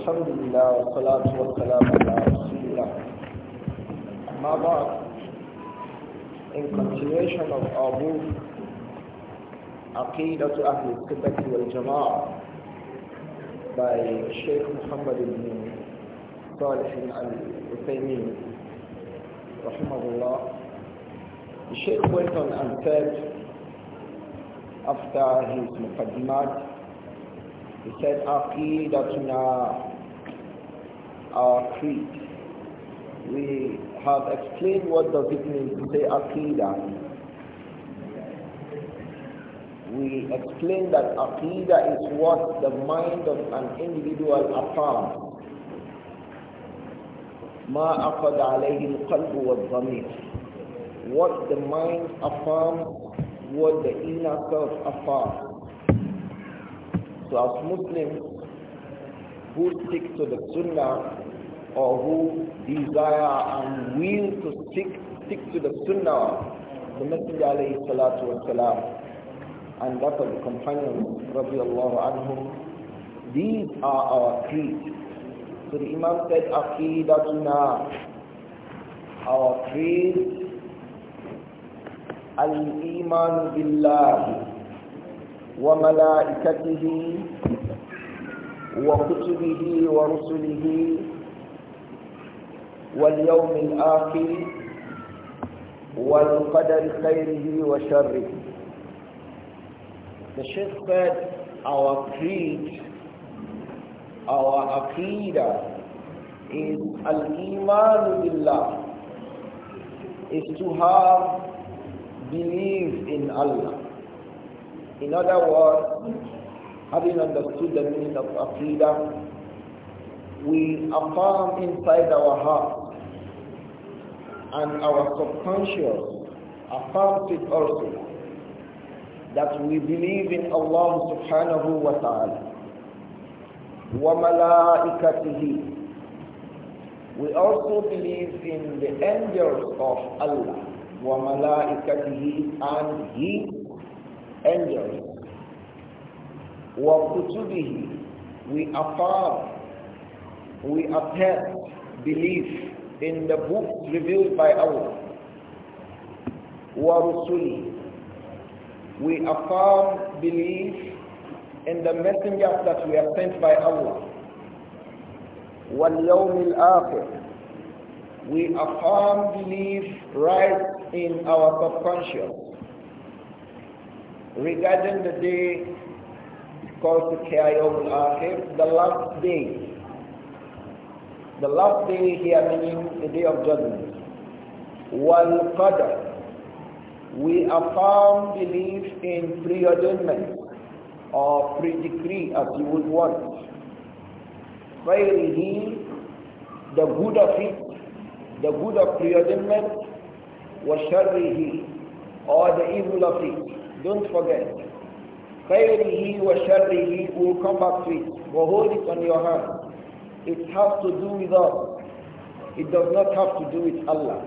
الحمد لله والصلاة والسلام على رسول الله أما بعد In continuation of our book عقيدة أهل السنة والجماعة by Sheikh Muhammad bin صالح العثيمين رحمه الله The Sheikh went on and said after his مقدمات He said, "Aqidatuna our creed. We have explained what does it mean to say Aqidah. We explained that Aqidah is what the mind of an individual affirms. ما أقد عليه القلب والضمير what the mind affirms, what the inner self affirms. So as Muslims who stick to the Sunnah, or who desire and will to stick, stick to the sunnah the Messenger alayhi salatu wasalam and that of the companions radiallahu anhum these are our creed so the Imam said aqidatuna our creed al-iman billah wa malaikatihi wa kutubihi wa rusulihi واليوم الآخر والقدر خيره وشره The shaykh said our creed our aqidah is al-iman billah is to have belief in Allah in other words having understood the meaning of aqidah we affirm inside our heart and our subconscious affirms it also that we believe in Allah subhanahu wa ta'ala wa malaikatihi we also believe in the angels of Allah wa malaikatihi and his angels wa kutubihi we affirm we attest belief in the books revealed by Allah. وَرُسُلِهِ We affirm belief in the messengers that we are sent by Allah. Al الْآخِرِ We affirm belief right in our subconscious regarding the day called the Yawm al-Akhir, the last day the last day here meaning the day of judgment. Wal Qadr. We affirm belief in pre-adjournment or pre-decree as you would want. Khairihi, the good of it, the good of preordainment, wa sharrihi, or the evil of it. Don't forget. Khairihi wa sharrihi, will come back to it. But hold it on your hand. It has to do with us. It does not have to do with Allah.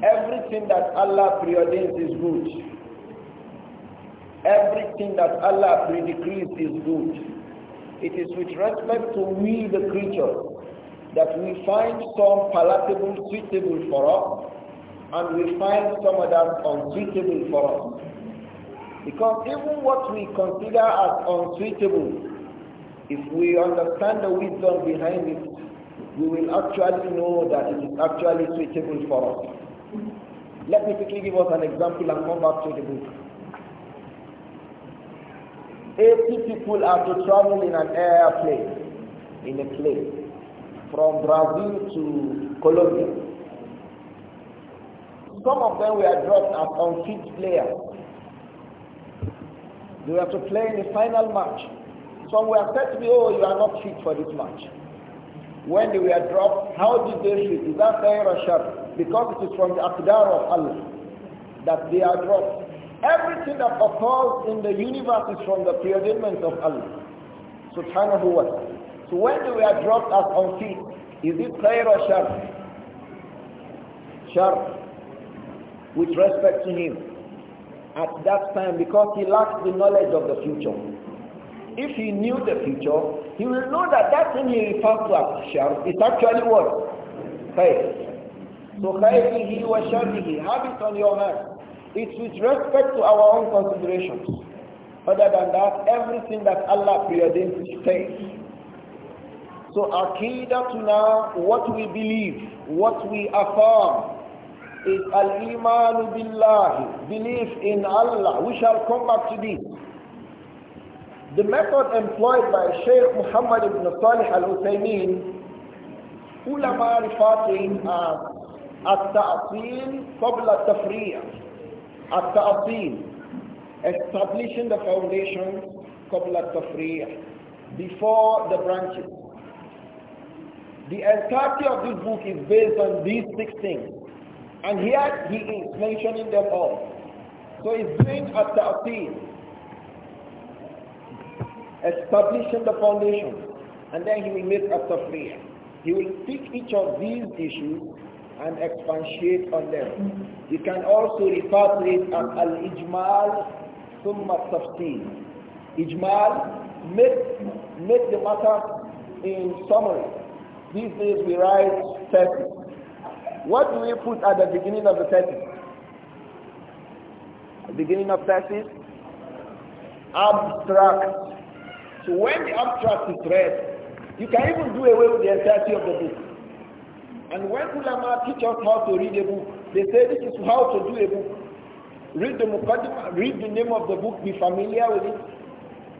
Everything that Allah preordains is good. Everything that Allah predecrees is good. It is with respect to we the creature, that we find some palatable, suitable for us and we find some are unsuitable for us. Because even what we consider as unsuitable if we understand the wisdom behind it, we will actually know that it is actually suitable for us. Let me quickly give us an example and come back to the book. 80 people are to travel in an airplane, in a plane, from Brazil to Colombia. Some of them were dropped as unfit players. They were to play in the final match some were said to be, oh, you are not fit for this match. When they were dropped, how did they fit? Is that fair sharp? Because it is from the Aqdar of Allah that they are dropped. Everything that occurs in the universe is from the preordainment of Allah. Subhanahu wa ta'ala. So when they were dropped as unfit, is it fair or sharp? Sharp. With respect to him at that time because he lacked the knowledge of the future if he knew the future, he will know that that thing he referred to as shar is actually what? Khair. So khairihi wa sharrihi, have it on your hand. It's with respect to our own considerations. Other than that, everything that Allah preordains is faith. So now what we believe, what we affirm, is al-imanu billahi, belief in Allah. We shall come back to this. The method employed by Sheikh Muhammad ibn Salih al-Uthaymeen, ulama refer to him as at-ta'asil qabla tafriya. At-ta'asil, establishing the foundations qabla tafriya, before the branches. The entirety of this book is based on these six things. And here he is mentioning them all. So he's doing at-ta'asil establishing the foundation, and then he will make a prayer. He will pick each of these issues and expatiate on them. You can also refer to it as al-ijmal summa tafsir. Ijmal, make, make the matter in summary. These days we write 30. What do we put at the beginning of the 30? Beginning of 30? Abstract so when the abstract is read, you can even do away with the entirety of the book. And when ulama teach us how to read a book, they say this is how to do a book. Read the muqaddimah, read the name of the book, be familiar with it.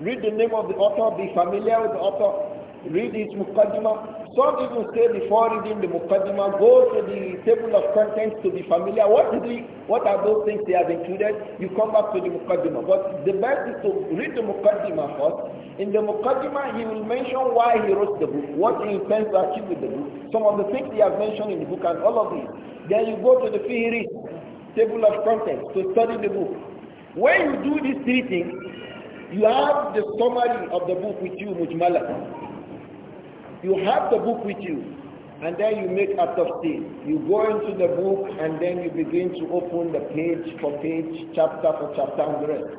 Read the name of the author, be familiar with the author read his muqaddimah. Some people say before reading the muqaddimah, go to the table of contents to be familiar. What is the, What are those things they have included? You come back to the muqaddimah. But the best is to read the muqaddimah first. In the muqaddimah, he will mention why he wrote the book, what he intends to achieve with the book, some of the things he has mentioned in the book, and all of these. Then you go to the fihiri, table of contents, to study the book. When you do these three things, you have the summary of the book with you, Mujmala. You have the book with you, and then you make a tafsir. You go into the book, and then you begin to open the page for page, chapter for chapter, and the rest.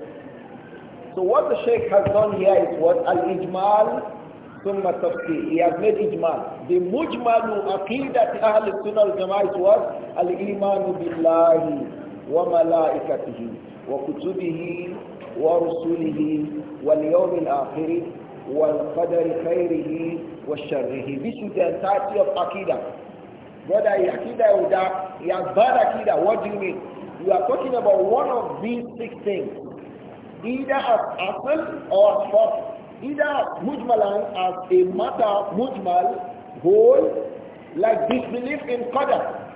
So what the Sheikh has done here is what? Al-Ijmal ثم التفصيل he has made ijmal the mujmal aqidat ahl sunnah al jama'ah was al iman billahi wa malaikatihi wa kutubihi wa wa-rusulih, wal yawm al akhir وَالْقَدَرِ خَيْرِهِ وَالشَّرِّهِ This is the entirety of Aqidah. Brother, Aqidah Uda, he has bad Aqidah. What do you mean? You are talking about one of these six things. Either as asal or as fast. Either mujmalan, as a matter, mujmal, whole, like disbelief in Qadar.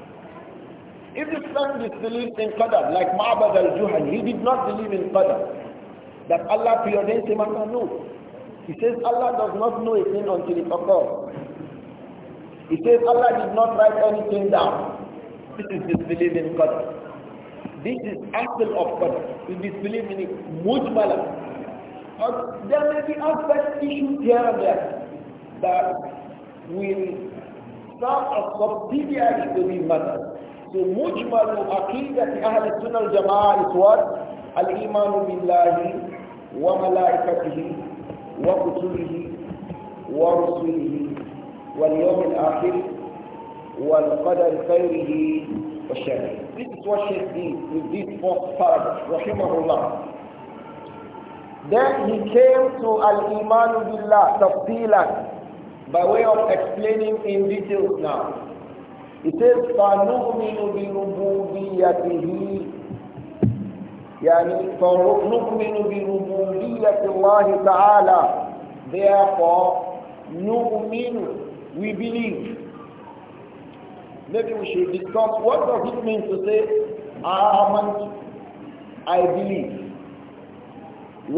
If the son disbelieved in Qadar, like Ma'bad al-Juhani, he did not believe in Qadar. That Allah preordains him, Allah no. He says Allah does not know a thing until it occurs. He says Allah did not write anything down. This is disbelief in Qur'an. This is aspect of Qadr. You disbelieve in it mujmala. there may be aspect issues here and there that will start a subsidiary to these matters. So mujmal aqidat Ahl Sunnah al-Jama'ah is what? Al-Imanu billahi wa malaikatihi وكتبه ورسله واليوم الآخر والقدر خيره وشره This is what Sheikh did with this fourth paragraph, rahimahullah. Then he came to Al-Iman Billah, tafsilan, by way of explaining in details now. It says, فَنُؤْمِنُ بِرُبُوبِيَّتِهِ يعني فنؤمن بربوبية Allah Taala. therefore we believe maybe we should discuss what does it mean to say آمنت ah, I believe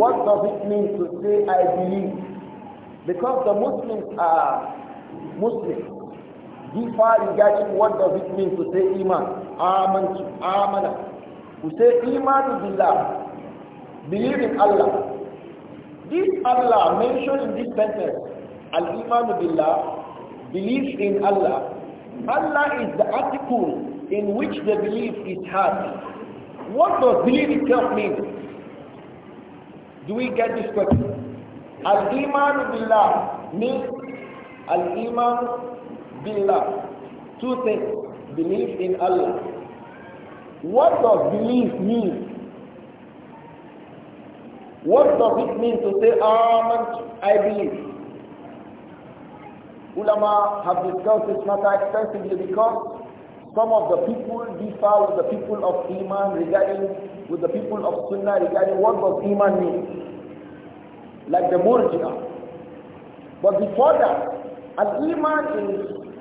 what does it mean to say I believe because the Muslims are Muslims differ regarding what does it mean to say iman آمنت آمنت we say Iman Billah, believe in Allah. This Allah mentioned in this sentence, Al-Iman Billah, believe in Allah. Allah is the article in which the belief is had. What does belief itself mean? Do we get this question? Al-Iman Billah means Al-Iman Billah. Two things, believe in Allah what does belief mean? What does it mean to say, ah, I believe? Ulama have discussed this matter extensively because some of the people differ with the people of Iman regarding, with the people of Sunnah regarding what does Iman mean. Like the Murji'ah. But before that, an iman is,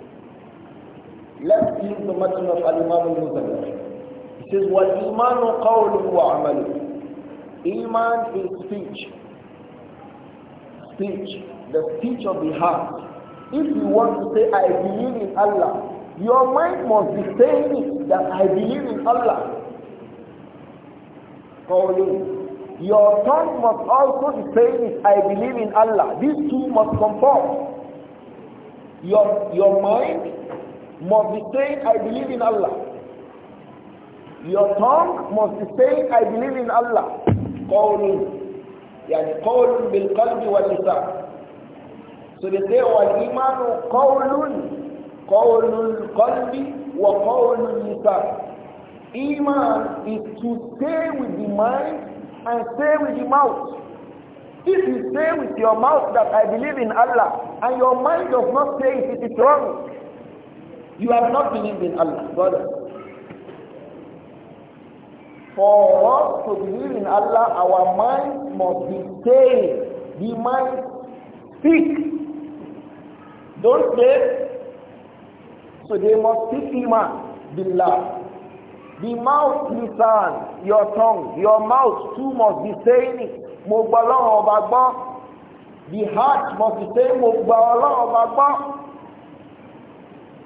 let's use the matter of Al-Imam al it says, وَالْإِيمَانُ قَوْلٌ وَعَمَلٌ Iman is speech. Speech. The speech of the heart. If you want to say, I believe in Allah, your mind must be saying that I believe in Allah. Qawlun. Your tongue must also be saying I believe in Allah. These two must conform. Your, your mind must be saying, I believe in Allah. Your tongue must be saying, I believe in Allah. قول يعني قول بالقلب واللسان. So they say, والإيمان قول قول القلب وقول اللسان. Iman is to say with the mind and say with the mouth. If you say with your mouth that I believe in Allah and your mind does not say it, it is wrong. You have not believed in Allah, brother. For us to believe in Allah, our mind must be staying. The mind speak. Don't say. So they must speak iman, billah. The mouth, lisan, your tongue, your mouth too must be saying it. Mo gba The heart must be saying mo gba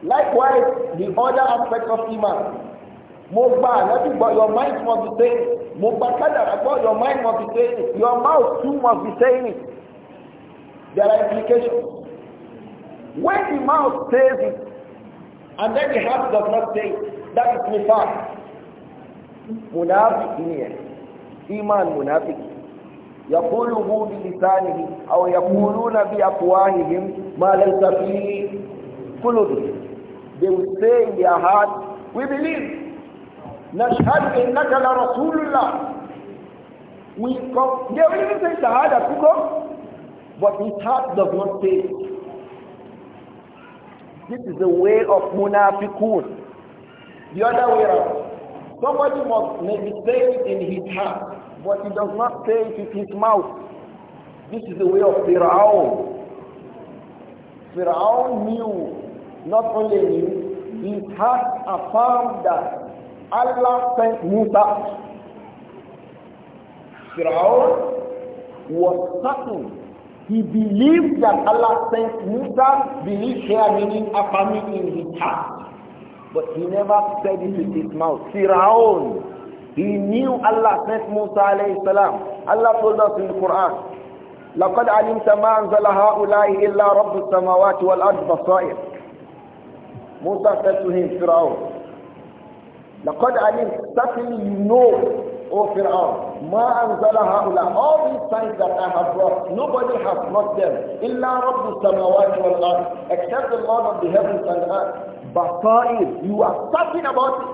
Likewise, the other aspect of iman, mo gba àlẹ́bí gbọ́ your mind must be saying mo gba kádàrà gbọ́ your mind must be saying your mouth too must be saying it there are implications when the mouth says it and then the heart does not say it that is nifaq munafiki ni iman munafiki yaquluhu bilisanihi au yaquluna biafwahihim ma laysa fi qulubihim they will say in their heart we believe nashhadu innaka la rasulullah we come they will even say shahada to come but his heart does not say this is the way of munafiqun the other way around somebody must maybe say it in his heart but he does not say it with his mouth this is the way of Fir'aun Fir'aun knew not only knew his heart affirmed that Allah sent Musa. Firaun was certain. He believed that Allah sent Musa, believed here meaning family in his heart. But he never said it with his mouth. Firaun, he knew Allah sent Musa alayhi salam. Allah told us in the Quran, لقد علمت ما أنزل هؤلاء إلا رب السماوات والأرض بصائر. Musa said to him, Firaun, لقد علمت certainly you know O Fir'aun, ما أنزل هؤلاء all these signs that I have brought nobody has brought them إلا رب السماوات والأرض except the Lord of the heavens and earth بصائر you are talking about it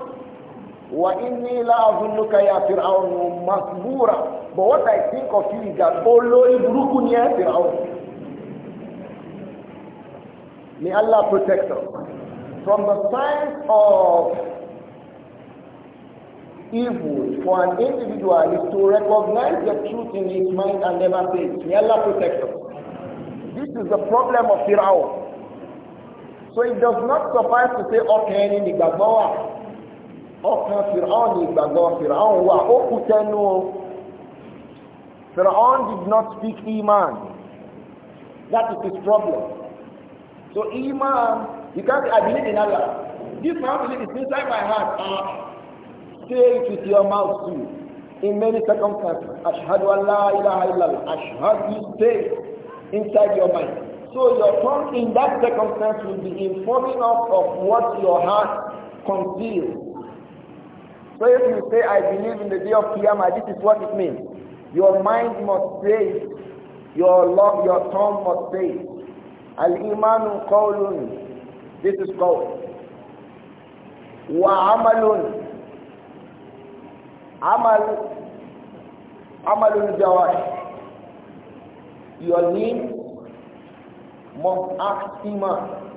وإني لا أظنك يا فرعون مصبورا but what I think of you is that olórí burúkú ni ẹ may Allah protect us from the signs of evil for an individual is to recognize the truth in his mind and never say it. May Allah protect us. This is the problem of Fir'aun. So it does not suffice to say, okay, ní ìgbàgbọ́ wà. Ọkàn Fir'aun ní ìgbàgbọ́ Fir'aun wà. Ó Fir'aun did not speak Iman. That is his problem. So Iman, you can't, I believe in Allah. This man believe is inside my heart. Uh, Say it with your mouth too. In many circumstances, Ashhadu Allah ilaha illallah. Ashhadu you say inside your mind. So your tongue in that circumstance will be informing us of what your heart conceals. So if you say, I believe in the day of Qiyamah, this is what it means. Your mind must say it. Your love, your tongue must say it. Al-imanu qawlun. This is qawl. Wa amalun Amal, Amalul Jawash. Your name must act iman.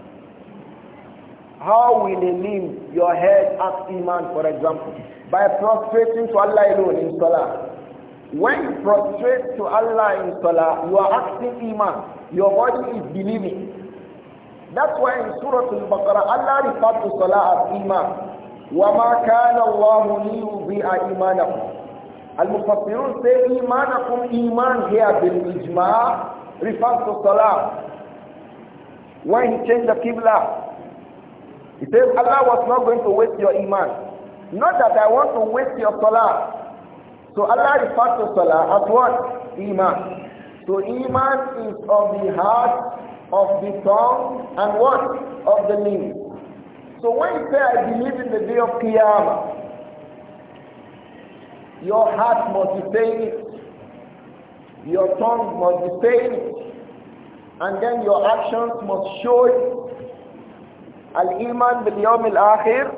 How will a name, your head act iman, for example? By prostrating to Allah alone in Salah. When you prostrate to Allah in Salah, you are acting iman. Your body is believing. That's why in Surah Al-Baqarah, Allah refers to Salah as iman. وَمَا كَانَ اللَّهُ لِيُضِيعَ إِيمَانَكُمْ Al-Mufassirun say imanakum iman here bil ijma' refers to salah. When he changed the qibla, he says Allah was not going to waste your iman. Not that I want to waste your salah. So Allah refers to salah as what? Iman. So iman is of the heart, of the tongue, and what? Of the limbs. So when you say, I believe in the day of Qiyamah, your heart must be saying it, your tongue must be saying it, and then your actions must show it. Al-Iman bil-Yawm al-Akhir,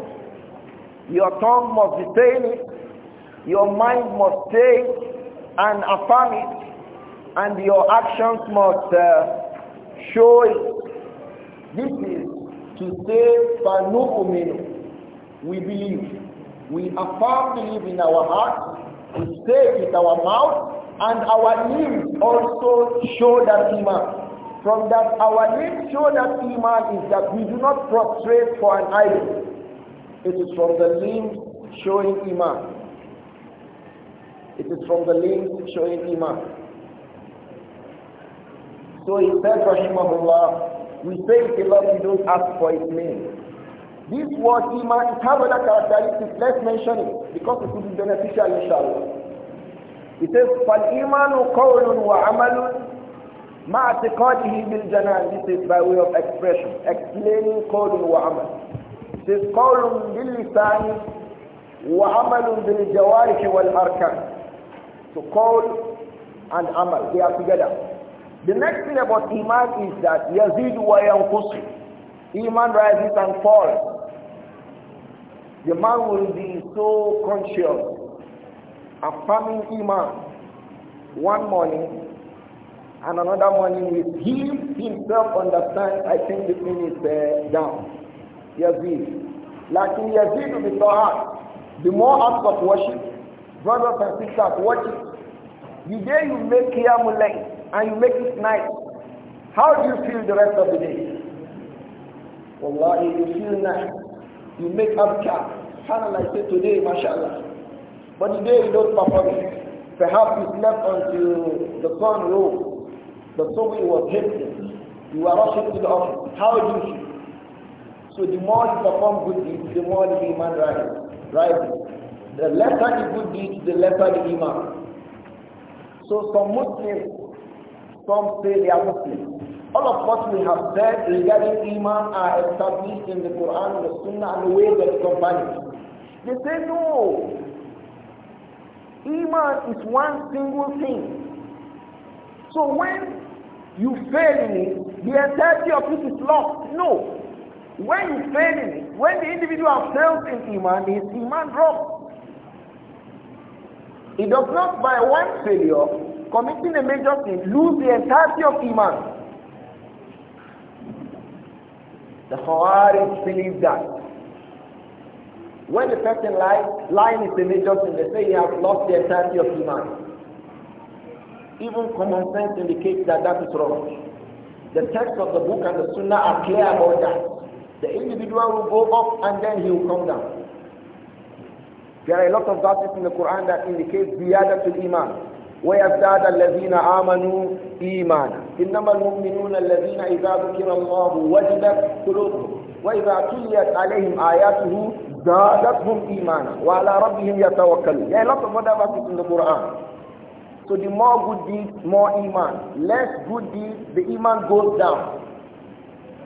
your tongue must be saying it, your mind must say it and affirm it, and your actions must uh, show it. This is to say by fanu'minu we believe we affirm belief in our heart we say with our mouth and our limbs also show that iman from that our lips show that iman is that we do not prostrate for an idol it is from the limbs showing iman it is from the limbs showing iman so he said rahimahullah we say it a lot, we don't ask for its name. This word iman, it has other characteristics. Let's mention it because it will be beneficial inshallah. It says, فَالْإِيمَانُ قَوْلٌ وَعَمَلٌ مَعْ اعْتِقَادِهِ بِالْجَنَانِ This is by way of expression, explaining قَوْلٌ bil It wa قَوْلٌ bil وَعَمَلٌ wal وَالْأَرْكَانِ So قول and amal, they are together. The next thing about Iman is that Yazid wa yankusi. Iman rises and falls. The man will be so conscious, affirming Iman one morning and another morning with him himself understands, I think the thing is uh, down. Yazid. Like in Yazid will be Tahat. The more acts of worship, brothers and sisters, watch it. The day you make Qiyamul Layl, and you make it night, how do you feel the rest of the day? Wallahi, you feel nice. You make up abkar. SubhanAllah, I say today, mashallah. But today you don't perform it. Perhaps you slept until the sun rose. The sun was hitting. You are rushing to the office. How do you feel? So the more you perform good deeds, the more the iman rises. Right? The lesser the good deeds, the lesser the iman. So some Muslims some say they are Muslim. All of what we have said regarding Iman are established in the Quran, the Sunnah, and the way that the companions. They say no. Iman is one single thing. So when you fail in it, the entirety of it is lost. No. When you fail in it, when the individual fails in Iman, his Iman drops. It does not by one failure committing a major sin, lose the entirety of Iman. The Khawarij believe that. When a person lies, lying is a major sin. They say he has lost the entirety of Iman. Even common sense indicates that that is wrong. The text of the book and the sunnah are clear about that. The individual will go up and then he will come down. There are a lot of verses in the Quran that indicate to iman, ويزداد الذين آمنوا إيمانا إنما المؤمنون الذين إذا ذكر الله وجلت قلوبهم وإذا تليت عليهم آياته زادتهم إيمانا وعلى ربهم يتوكلون يعني lots of other القرآن. so the more good deeds more iman less good deeds the iman goes down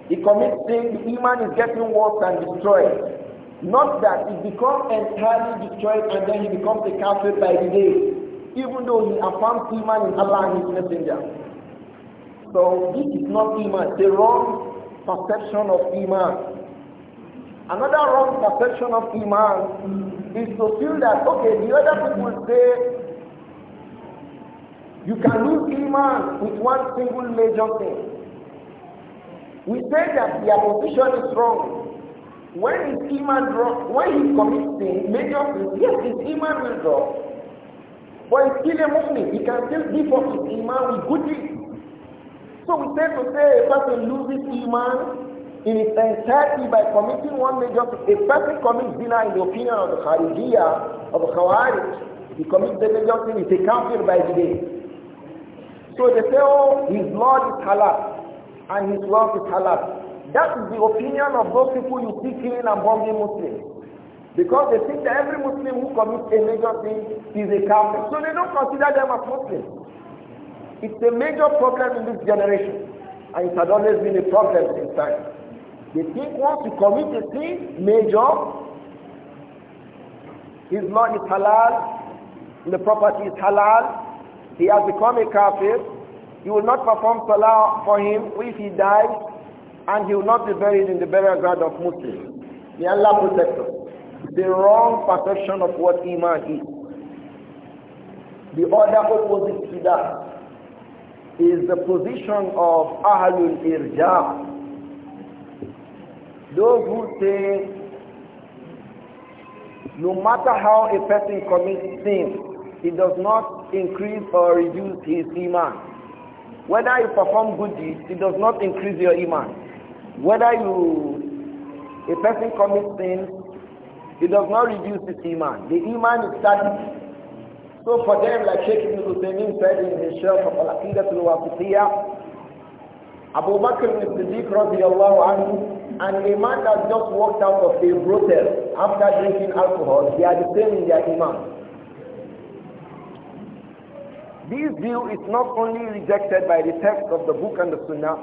he commits sin the iman is getting worse and destroyed not that it becomes entirely destroyed and then he becomes a kafir by the day even though he affirms Iman in Allah and His Messenger. So this is not Iman, the wrong perception of Iman. Another wrong perception of Iman is to feel that, okay, the other people say you can lose Iman with one single major thing. We say that the opposition is wrong. When Iman drops, when he commits sin, major sins, yes, his Iman will drop. But still a Muslim. He can still give up his Iman with good deeds. So we tend to say a person loses Iman in its entirety by committing one major sin. A person commits zina in the opinion of the Kharijiyah, of the Khawarij, he commits the major sin, he's a kafir by the day. So they say, oh, his Lord is halal and his wealth is halal. That is the opinion of those people you see killing and bombing Muslims. Because they think that every Muslim who commits a major sin is a kafir. So they don't consider them as Muslims. It's a major problem in this generation. And it has always been a problem since time. They think once you commit a sin, major, his law is halal, the property is halal, he has become a kafir, you will not perform salah for him if he dies, and he will not be buried in the burial ground of Muslims. May Allah protect us the wrong perception of what Iman is. The other opposite to that is the position of Ahlul Irja. Those who say no matter how a person commits sin, it does not increase or reduce his iman. Whether you perform good deeds, it does not increase your iman. Whether you a person commits sin, it does not reduce his iman. The iman is static. So for them, like Sheikh Ibn Uthaymeen said in his Sharh of Al-Aqidat al-Wasitiyah, Abu Bakr ibn Siddiq radiallahu anhu, and a man that just walked out of a brothel after drinking alcohol, they are the same in their iman. This view is not only rejected by the text of the book and the sunnah,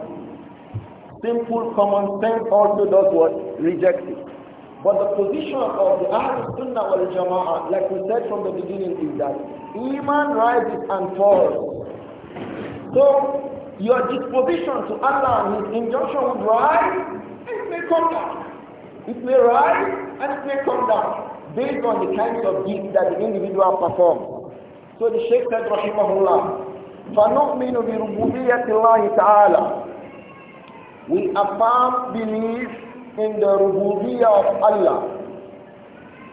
simple common sense also does what? Rejects it. But the position of the Ahlul Sunnah wal Jama'ah, like we said from the beginning, is that Iman rises and falls. So, your disposition to Allah and His injunction would rise, and it may come down. It may rise, and it may come down, based on the kinds of deeds that the individual performs. So the Shaykh said, Rahimahullah, فنؤمن بربوبية الله تعالى. We affirm belief in the rububiyyah of Allah.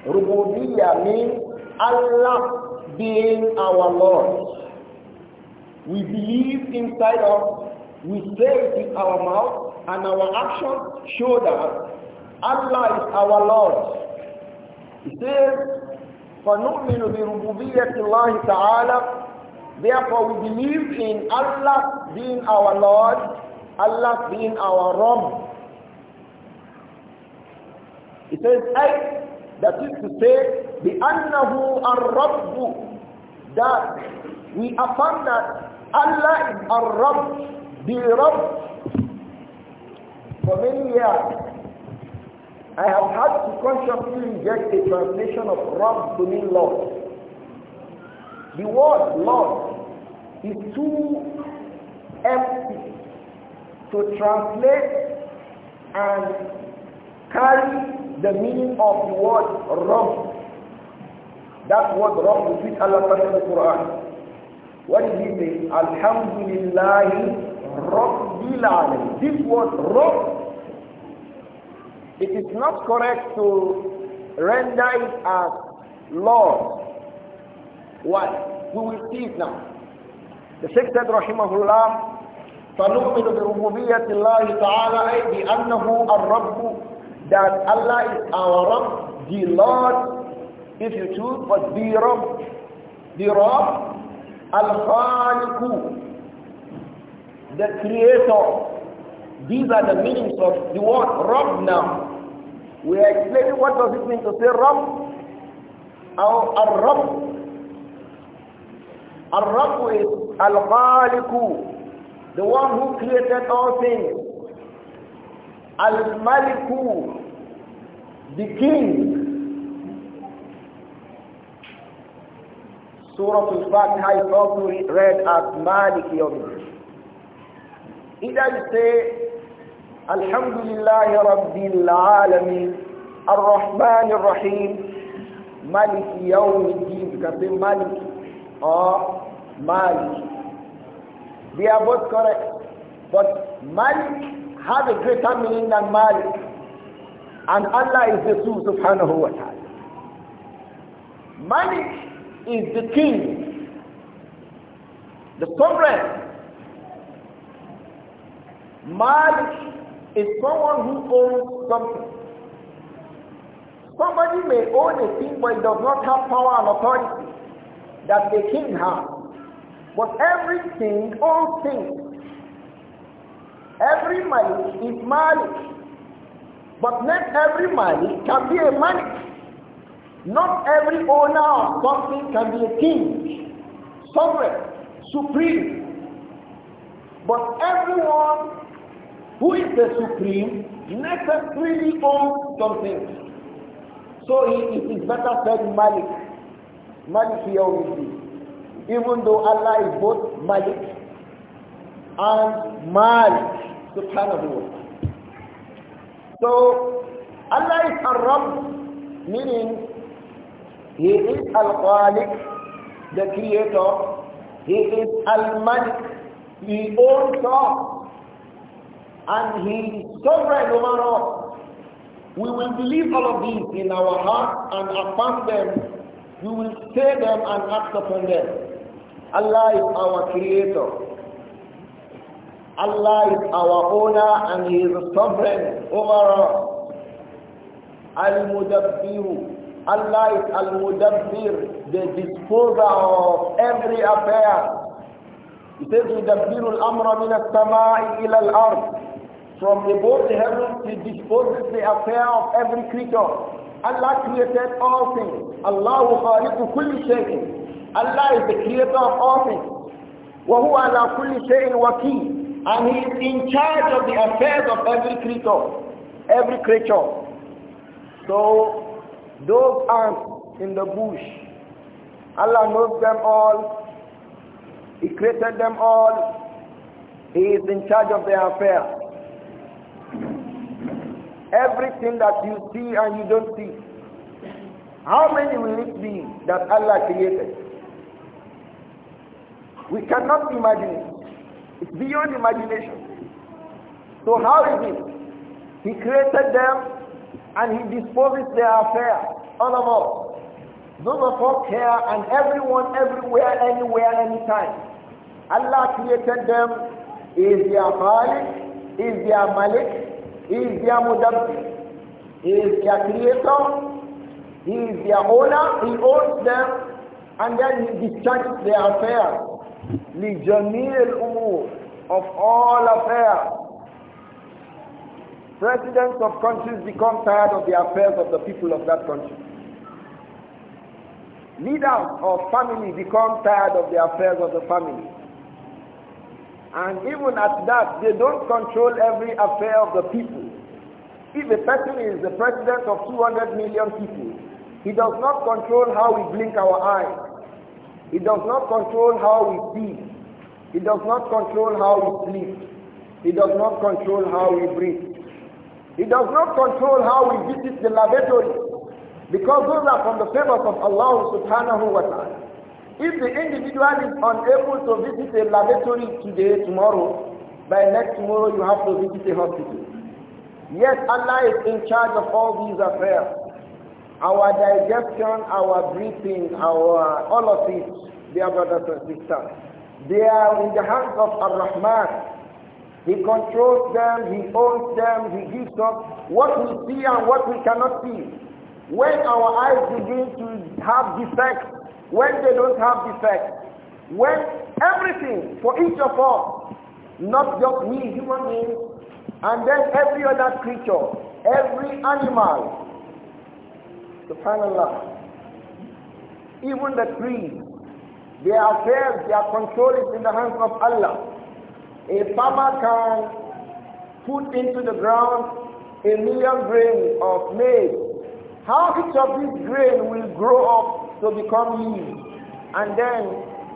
Rububiyyah means Allah being our Lord. We believe inside us, we say it with our mouth, and our actions show that Allah is our Lord. He says, فَنُؤْمِنُ بِرُبُوبِيَّةِ اللَّهِ تَعَالَى Therefore we believe in Allah being our Lord, Allah being our Rabb, he says, I, that is to say, the annahu ar-rabbu, that we affirm that Allah is ar-rabb, the rabb. For many years, I have had to consciously reject the translation of rabb to mean Lord. The word Lord is too empty to translate and carry the meaning of the word Rabb. That word Rabb which Allah says in the Quran. What did he say? Alhamdulillah Rabbil Alam. This word Rabb, it is not correct to render it as Lord. What? We will see it now. The Sheikh said, Rahimahullah, فنؤمن بربوبية الله تعالى أي بأنه الرب that Allah is our Rabb, the Lord, if you choose, but the Rabb, the Rabb, Al-Khaliqu, the Creator. These are the meanings of the word Rabb now. We are explaining what does it mean to say Rabb Our rabb Ar-Rabb is Al-Khaliqu, the one who created all things. الملك the king. Surah al is also read as Malik يوم Either you say, الحمد Rabbil Alameen, Ar-Rahman Ar-Rahim, Malik الدين you can say Malik or Malik. They are both correct. But Malik Have a greater meaning than Malik. And Allah is the of subhanahu wa ta'ala. Malik is the king, the sovereign. Malik is someone who owns something. Somebody may own a thing but it does not have power and authority that the king has. But everything, all things, Every money is money, But not every money can be a money. Not every owner of something can be a king, sovereign, supreme. But everyone who is the supreme necessarily owns something. So it is better said Malik. Malik here will be. Even though Allah is both Malik and Malik. Subhanahu wa So, Allah is Ar-Rabb, meaning He is Al-Khaliq, the Creator. He is Al-Malik, He owns all. And He is sovereign over all. We will believe all of these in our heart and affirm them. We will say them and act upon them. Allah is our Creator. Allah is our owner and He is sovereign over us. al Mudabbir, Allah is Al-Mudabbir, the disposer of every affair. He says, min al مِنَ ila al الْأَرْضِ From above the heavens, He disposes the affair of every creature. Allah created all things. Allah خالق كل شيء. Allah is the creator of all things. وهو على كل شيء وكيل and he is in charge of the affairs of every creature. Every creature. So those ants in the bush, Allah knows them all. He created them all. He is in charge of their affairs. Everything that you see and you don't see. How many will it be that Allah created? We cannot imagine it. It's beyond imagination. So how is it? He created them and he disposes their affairs, all of us. Those of us here and everyone, everywhere, anywhere, anytime. Allah created them, is their father? is their Malik, is their he is their creator, he is their owner, he owns them, and then he discharges their affairs. لجميع الأمور of all affairs. Presidents of countries become tired of the affairs of the people of that country. Leaders of families become tired of the affairs of the family. And even at that, they don't control every affair of the people. If a person is the president of 200 million people, he does not control how we blink our eyes. It does not control how we eat. It does not control how we sleep. It does not control how we breathe. It does not control how we visit the laboratory. Because those are from the favors of Allah subhanahu wa ta'ala. If the individual is unable to visit a laboratory today, tomorrow, by next tomorrow you have to visit a hospital. Yes, Allah is in charge of all these affairs. Our digestion, our breathing, our all of it, dear brothers and sisters, they are in the hands of Ar-Rahman. He controls them, he owns them, he gives us what we see and what we cannot see. When our eyes begin to have defects, when they don't have defects, when everything for each of us, not just we human beings, and then every other creature, every animal, Subhanallah. Even the trees, their affairs, their control is in the hands of Allah. A farmer can put into the ground a million grains of maize. How each of these grain will grow up to become yeast? And then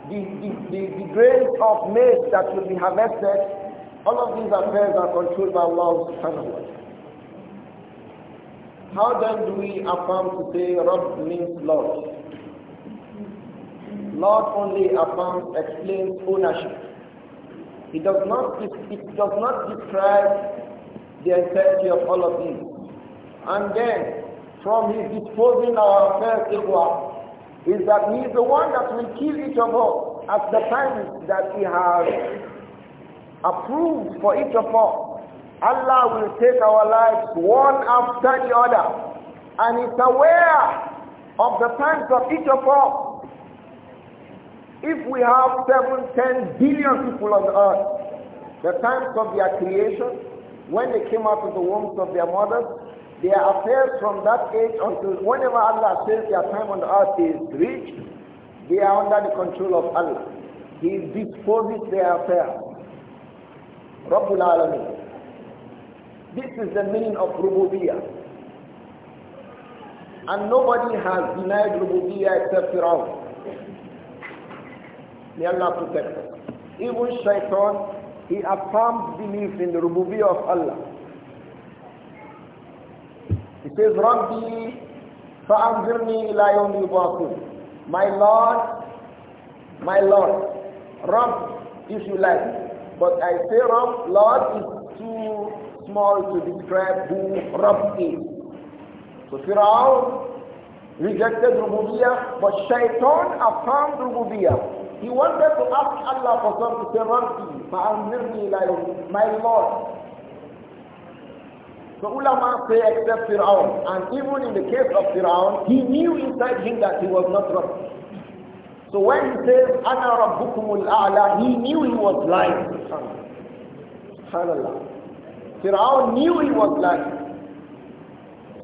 the, the, the, the grains of maize that will be harvested, all of these affairs are controlled by Allah subhanahu wa ta'ala. How then do we affirm to say Rabb means Lord? Lord only affirms, explains ownership. It does not, it, does not describe the entirety of all of these. And then, from his disposing our affairs is that he is the one that will kill each of us at the time that he has approved for each of us. Allah will take our lives one after the other. And is aware of the times of each of us. If we have seven, ten billion people on the earth, the times of their creation, when they came out of the wombs of their mothers, their affairs from that age until whenever Allah says their time on the earth is reached, they are under the control of Allah. He disposes their affairs. Rabbul Alameen. This is the meaning of rububiyyah. And nobody has denied rububiyyah except Fir'aun. May Allah protect us. Even Shaitan, he affirmed belief in the rububiyyah of Allah. He says, Rabbi, فَأَنْزِرْنِي إِلَى يَوْمِ يُبْعَثُونَ My Lord, my Lord, Rabb, if you like. But I say Rabb, Lord is too small to describe who Rabb is. So Fir'aun rejected Rububiya, but Shaitan affirmed Rububiya. He wanted to ask Allah for something to say, Rabbi, ma'anzirni like my Lord. So ulama say except Fir'aun, and even in the case of Fir'aun, he knew inside him that he was not Rabb. So when he says, Ana Rabbukumul A'la, he knew he was lying. SubhanAllah. Firaun knew he was lying.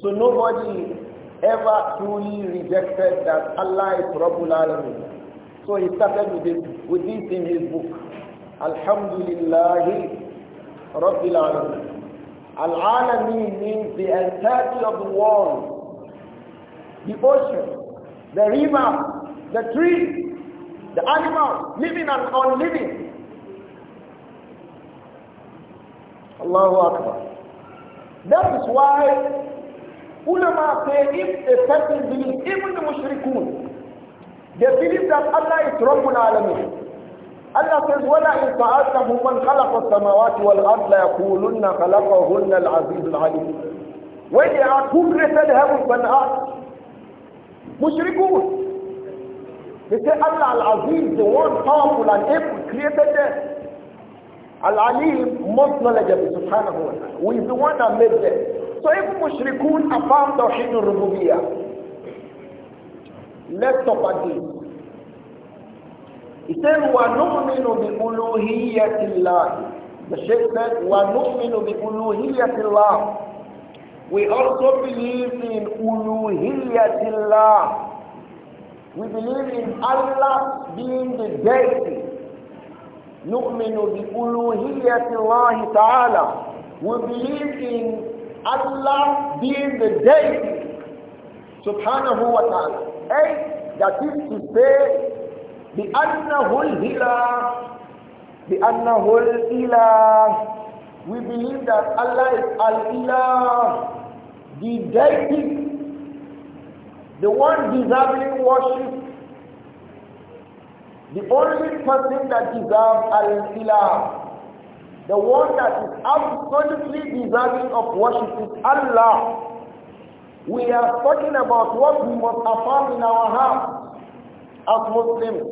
So nobody ever truly rejected that Allah is Rabbul Alameen. So he started with this, with this in his book. "Alhamdulillahi Rabbil Alameen. Al-Alameen means the entirety of the world, the ocean, the river, the trees, the animals, living and unliving. الله أكبر That is why علماء say if a person believes, even the mushrikun, they believe that Allah is رب العالمين. Allah says, وَلَئِنْ سَأَلْتَهُمْ مَنْ خَلَقَ السَّمَاوَاتِ وَالْأَرْضَ لَيَقُولُنَّ خَلَقَهُنَّ الْعَزِيزُ الْعَلِيمُ When they ask, who created heaven and earth? Mushrikun. They say, Allah al-Aziz, the one powerful and able, created them. Al-Alim, most knowledgeable, subhanahu wa ta'ala, who is the one that made them. So if Mushrikun affirm Tawheed al-Rububiyyah, let's stop at this. He said, وَنُؤْمِنُ بِأُلُوهِيَّةِ اللَّهِ The Shaykh said, وَنُؤْمِنُ بِأُلُوهِيَّةِ اللَّهِ we also believe in uluhiyatillah. We believe in Allah being the deity. نؤمن بألوهية الله تعالى we believe in Allah being the deity subhanahu wa ta'ala eight that is to say بأنه الإله بأنه الإله we believe that Allah is al-ilah the deity the one deserving worship the only person that deserves al-ilah, the one that is absolutely deserving of worship is Allah. We are talking about what we must affirm in our hearts as Muslims.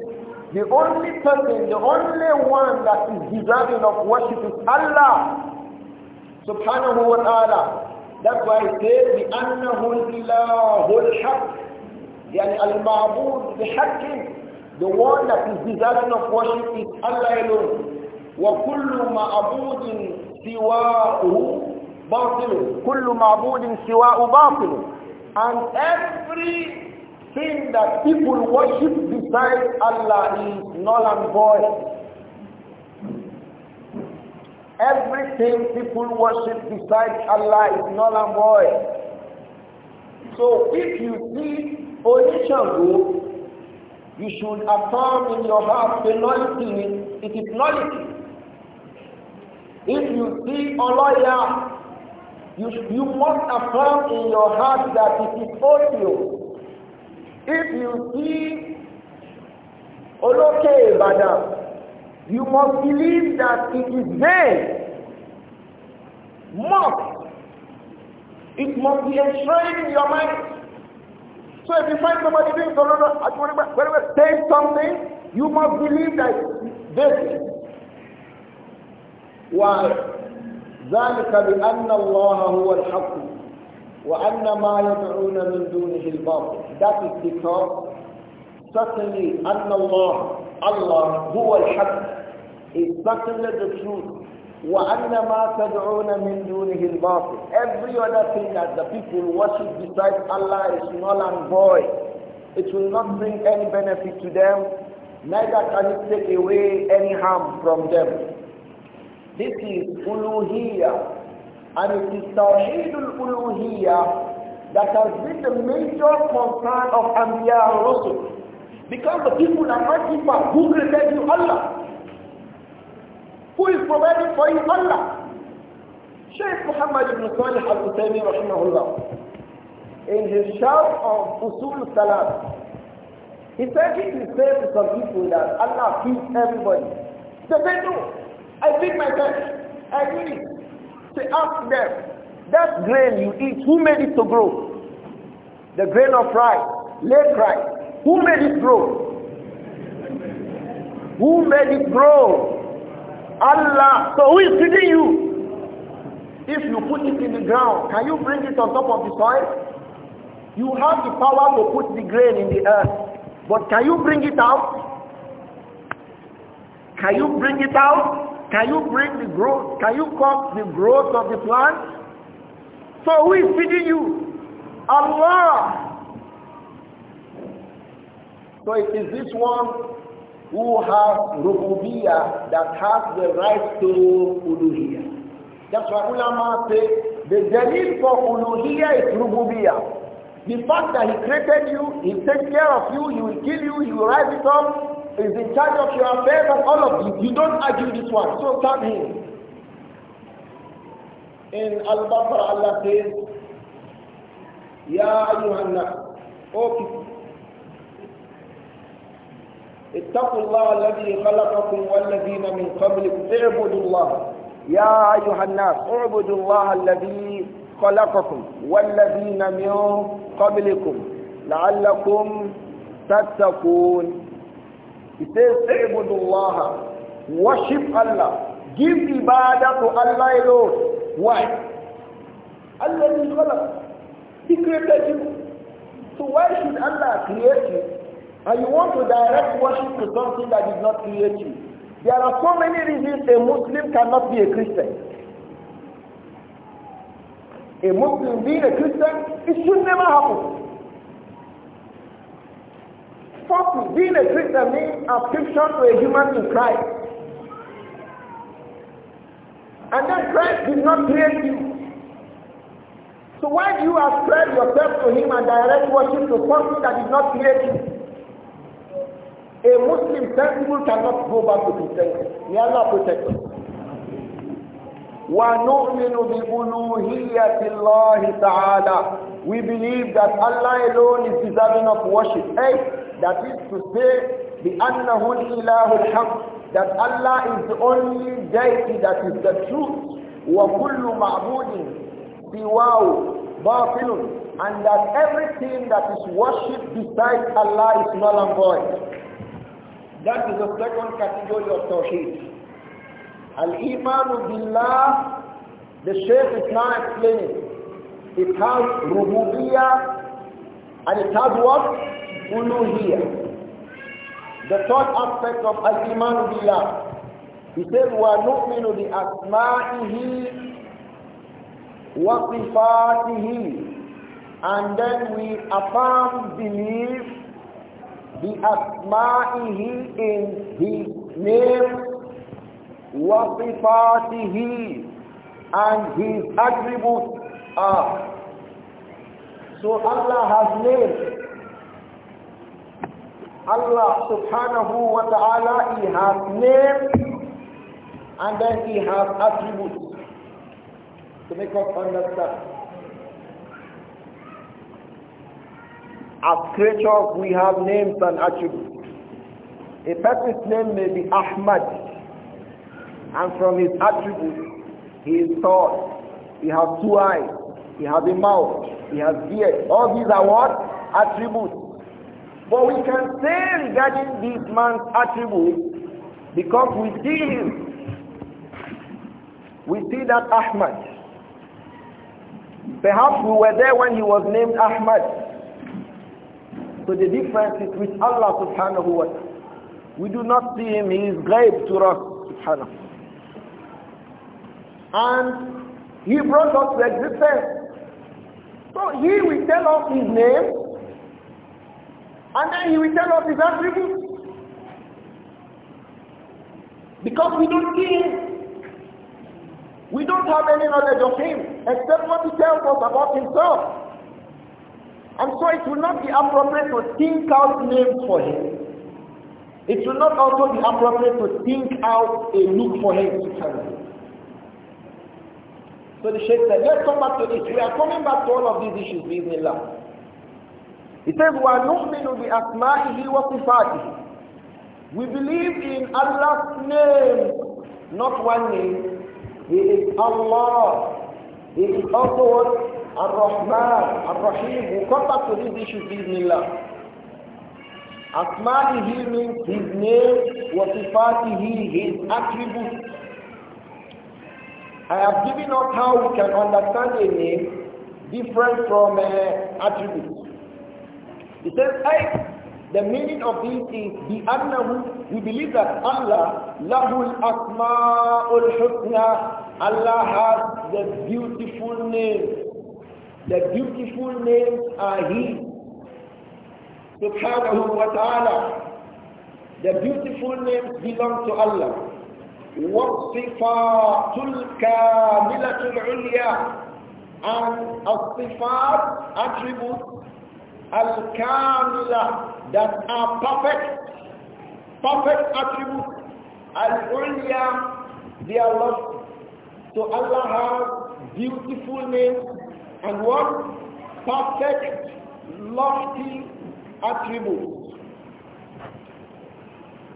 The only person, the only one that is deserving of worship is Allah. Subhanahu wa ta'ala. That's why it says, بِأَنَّهُ الْإِلَهُ الْحَقِّ يعني المعبود بحق the one that is deserving of worship is Allah alone. وَكُلُّ مَعْبُودٍ سِوَاهُ بَاطِلٌ كُلُّ مَعْبُودٍ سِوَاهُ بَاطِلٌ And every thing that people worship besides Allah is null and void. Everything people worship besides Allah is null and void. So if you see Onishangu you should affirm in your heart the loyalty. It is loyalty. If you see a lawyer, you, you must affirm in your heart that it is false. If you see Oloke Ibadan, you must believe that it is there. Must. It must be enshrined in your mind. So if you find somebody doing something, whatever, something, you must believe that this why ذلك بأن الله هو الحق وأن ما يدعون من دونه الباطل that is because certainly أن الله Allah هو الحق is certainly the truth وَأَنَّ مَا تَدْعُونَ مِن دُونِهِ الْبَاطِلِ Every other thing that the people worship besides Allah is null and void. It will not bring any benefit to them, neither can it take away any harm from them. This is uluhiyah, and it is Tawheedul uluhiyah that has been the major concern of Anbiya Rasul. Because the people are not people who created you, Allah. Who is providing for you? Allah. Shaykh Muhammad ibn Salih al-Utaymi rahimahullah, in his shout of Usul Salam, he said it is said to some people that Allah feeds everybody. They say, no, I feed myself, I do it. to ask them, that grain you eat, who made it to grow? The grain of rice, late rice, who made it grow? Who made it grow? Allah. So who is feeding you? If you put it in the ground, can you bring it on top of the soil? You have the power to put the grain in the earth. But can you bring it out? Can you bring it out? Can you bring the growth? Can you cause the growth of the plant? So who is feeding you? Allah. So it is this one who has rububiyyah that has the right to Uluhiya? That's why ulama say the dalil for Uluhiya is rububiyyah. The fact that he created you, he takes care of you, he will kill you, he will rise it up, is in charge of your affairs and all of you. You don't argue this one, so tell him. In Al-Baqarah Allah says, Ya ayyuhan O people, اتقوا الله الذي خلقكم والذين من قبلكم اعبدوا الله يا أيها الناس اعبدوا الله الذي خلقكم والذين من قبلكم لعلكم تتقون He says, اعبدوا الله Worship Allah. Give عبادة الله Allah alone. Why? خلق is Allah. He created you. So why should Allah create you And you want to direct worship to something that did not create you. There are so many reasons a Muslim cannot be a Christian. A Muslim being a Christian, it should never happen. First, being a Christian means affection to a human in Christ. And then Christ did not create you. So why do you ascribe yourself to him and direct worship to something that did not create you? A Muslim sensible cannot go back to his senses. May Allah protect us. وَنُؤْمِنُ بِأُلُوهِيَّةِ اللَّهِ تَعَالَى We believe that Allah alone is deserving of worship. Hey, eh? that is to say, بِأَنَّهُ الْإِلَهُ الْحَقِّ That Allah is the only deity that is the truth. وَكُلُّ مَعْبُودٍ سِوَاهُ بَاطِلٌ And that everything that is worshipped besides Allah is null and void. That is the second category of Tawheed. Al-Imanu Billah, the Shaykh is now explaining. It has Rububiyyah and it has what? Uluhiyyah. The third aspect of Al-Imanu Billah. He said, وَنُؤْمِنُ بِأَسْمَائِهِ وَصِفَاتِهِ And then we affirm belief بأسمائه in his name وصفاته and his attributes are so Allah has named Allah subhanahu wa ta'ala he has name and then he has attributes to make us understand As creatures, we have names and attributes. A person's name may be Ahmad, and from his attributes, he is tall, he has two eyes, he has a mouth, he has beard. All these are what? Attributes. But we can say regarding this man's attributes, because we see him, we see that Ahmad. Perhaps we were there when he was named Ahmad. So the difference is with Allah subhanahu wa ta'ala. We do not see him, he is great to us subhanahu And he brought us to existence. So he will tell us his name and then he will tell us his attributes. Because we don't see him. We don't have any knowledge of him except what he tells us about himself. And so it will not be appropriate to think out names for him. It will not also be appropriate to think out a look for him to carry. So the Sheikh said, let's come back to this. We are coming back to all of these issues, Bismillah. He says, وَنُؤْمِنُ بِأَسْمَائِهِ وَصِفَاتِهِ We believe in Allah's name, not one name. He is Allah. He is also Ar-Rahman, Ar-Rahim. We'll come back to this issue, Bismillah. Asma'ihi means his name, wa sifatihi, his attributes. I have given out how we can understand a name different from uh, attributes. He says, "Hey, the meaning of this is the annahu, we believe that Allah, lahul ul husna, Allah has the beautiful name. The beautiful names are His. Subhanahu wa ta'ala. The beautiful names belong to Allah. والصفات الكاملة العليا and الصفات attributes الكاملة that are perfect perfect attributes العليا they are lost. so Allah has beautiful names and what? Perfect, lofty attributes.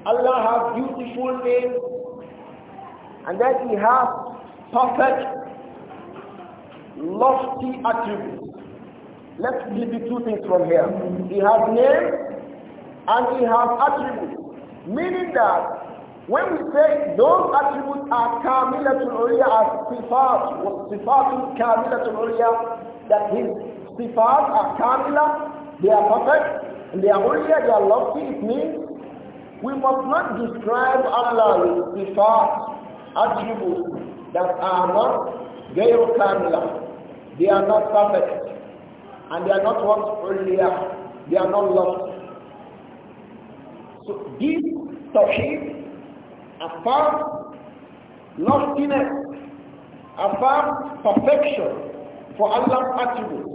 Allah has beautiful names and that He has perfect, lofty attributes. Let's give you two things from here. He has names and He has attributes. Meaning that when we say those attributes are kamilatul uliya, as sifat, sifatul kamilatul uliya, that his sifat are kamila, they are perfect, and they are uliya, they are lofty, it means we must not describe Allah with sifat, attributes that are not gayru kamila. They are not perfect, and they are not what uliya, they are not lofty. So this tawheed affirm loftiness, affirm perfection for Allah's attributes.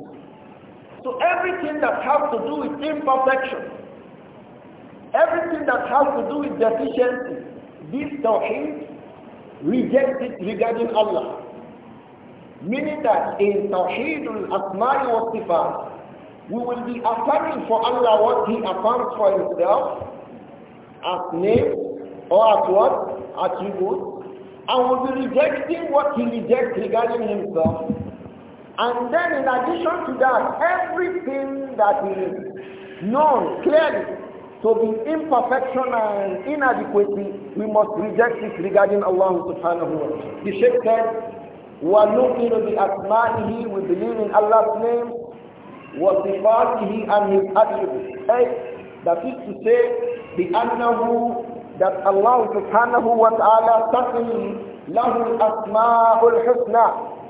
So everything that has to do with imperfection, everything that has to do with deficiency, this tawheed rejects it regarding Allah. Meaning that in Tawheedul Asma'i wa Sifat, we will be affirming for Allah what He affirms for Himself as names or at what? At evil. And will be rejecting what he rejects regarding himself. And then in addition to that, everything that is known clearly to be imperfection and inadequacy, we must reject it regarding Allah subhanahu wa ta'ala. The Sheikh said, وَنُؤْمِنُ بِأَسْمَائِهِ We believe in Allah's name, وَصِفَاتِهِ and His attributes. Hey, that is to say, بِأَنَّهُ that Allah subhanahu wa ta'ala tafi lahu asma'ul husna.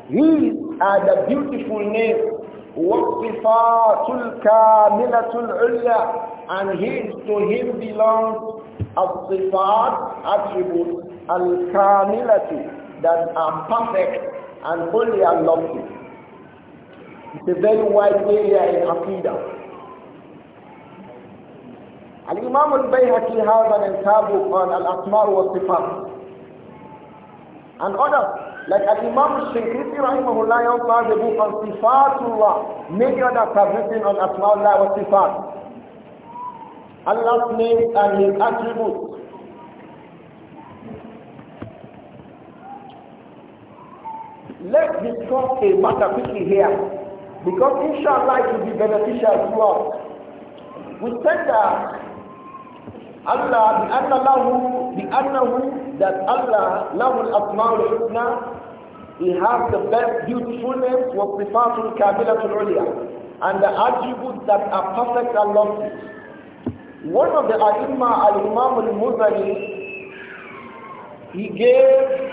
He are the beautiful name والصفات الكاملة العلى and his to him belongs الصفات attributes الكاملة that are perfect and only lofty. It's a very wide area in Aqidah. الإمام Imam al-Bayhaqi entire book on Al-Asmar wa Sifat. And others, like Al-Imam Shinkiti Rahimahullah also has a book on Sifatullah. Many others have written on Asma'ullah wa Sifat. Allah's names and His attributes. Let's discuss a matter quickly here because inshallah it will be beneficial to us. We said that Allah بأن له بأنه that Allah له الأسماء الحسنى He has the best beautiful names وصفات الكاملة العليا and the attributes that are perfect and lovely. One of the Aimma al-Imam al-Muzani, he gave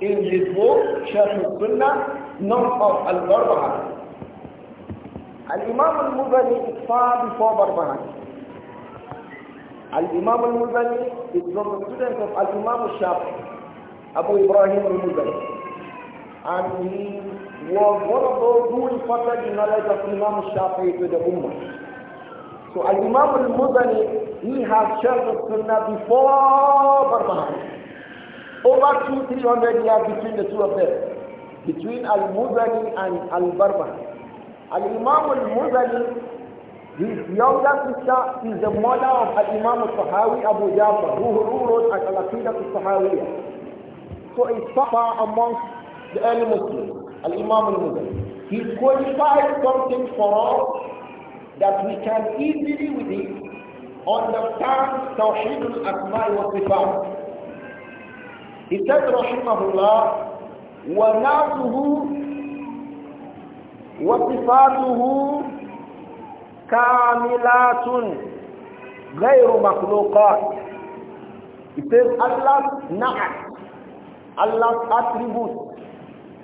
in his book, Sharh al-Sunnah, none of al-Barbahari. Al-Imam al-Muzani is far before Barbahari. Al-Imam al-Muzani is from the students of Al-Imam al-Shafi, Abu Ibrahim al-Muzani. And he was one of those who imparted the knowledge of Imam al-Shafi to the Ummah. So Al-Imam al-Muzani, he has shared the Sunnah before Barbahari. Over two, three hundred years between the two of them, between Al-Muzani and Al-Barbahari. Al-Imam al-Muzani his younger sister is the mother of Imam al Abu Jafar, who, who at Al-Aqidah al-Tahawiyah. So it's far amongst the early Muslims, Al-Imam al-Muzan. He qualified something for us that we can easily with it understand Tawheed al-Asma'i wa Sifat. He said, Rahimahullah, wa وصفاته kamilatun غير مخلوقات it says Allah's na'at Allah's attributes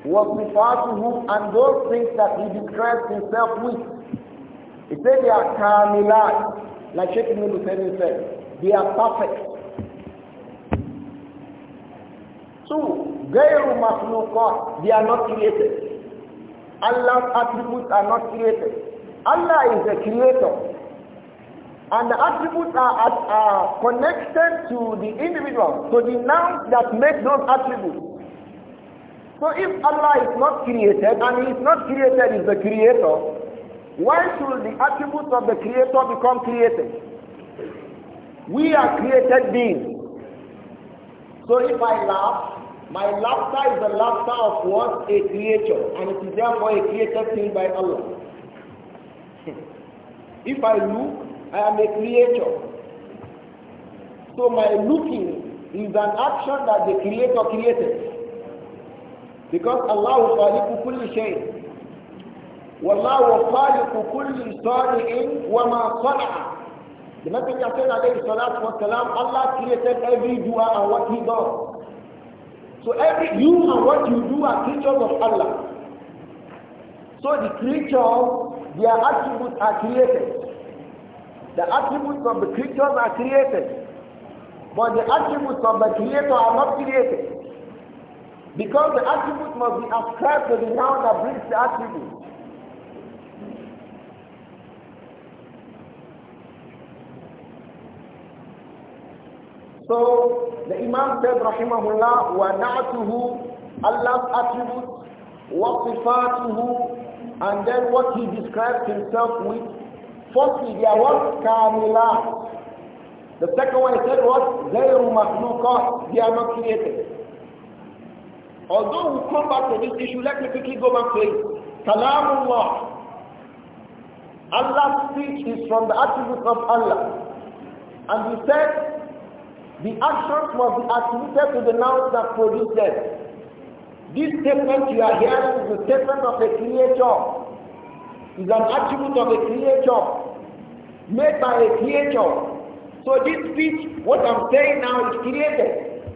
وصفاته and those things that he describes himself with it says they are kamilat like Sheikh Ibn said they are perfect so غير مخلوقات they are not created Allah attributes are not created Allah is the creator. And the attributes are, are connected to the individual, So the noun that makes those attributes. So if Allah is not created, and He is not created is the creator, why should the attributes of the creator become created? We are created beings. So if I laugh, my laughter is the laughter of what? A creature. And it is therefore a created thing by Allah. If I look, I am a creator. So my looking is an action that the creator created. Because Allah kulli shay, شيء والله خالق كل صانع وما صنع The Messenger said alayhi salatu wa salam, Allah created every dua and what he does. So every you and what you do are creatures of Allah. So the creatures their attributes are created. The attributes of the creatures are created. But the attributes of the creator are not created. Because the attribute must be ascribed to the one that brings the attribute. So the Imam said, Rahimahullah, wa na'atuhu, Allah's attributes, wa sifatuhu, and then what he describes himself with. Firstly, they are what? Kamila. The second one he said what? Zayru They are not created. Although we come back to this issue, let me quickly go back to it. Kalamullah. Allah's speech is from the attributes of Allah. And he said the actions must be attributed to the nouns that produce them. This statement you are hearing is a statement of a creator. Is an attribute of a creator. Made by a creator. So this speech, what I'm saying now is created.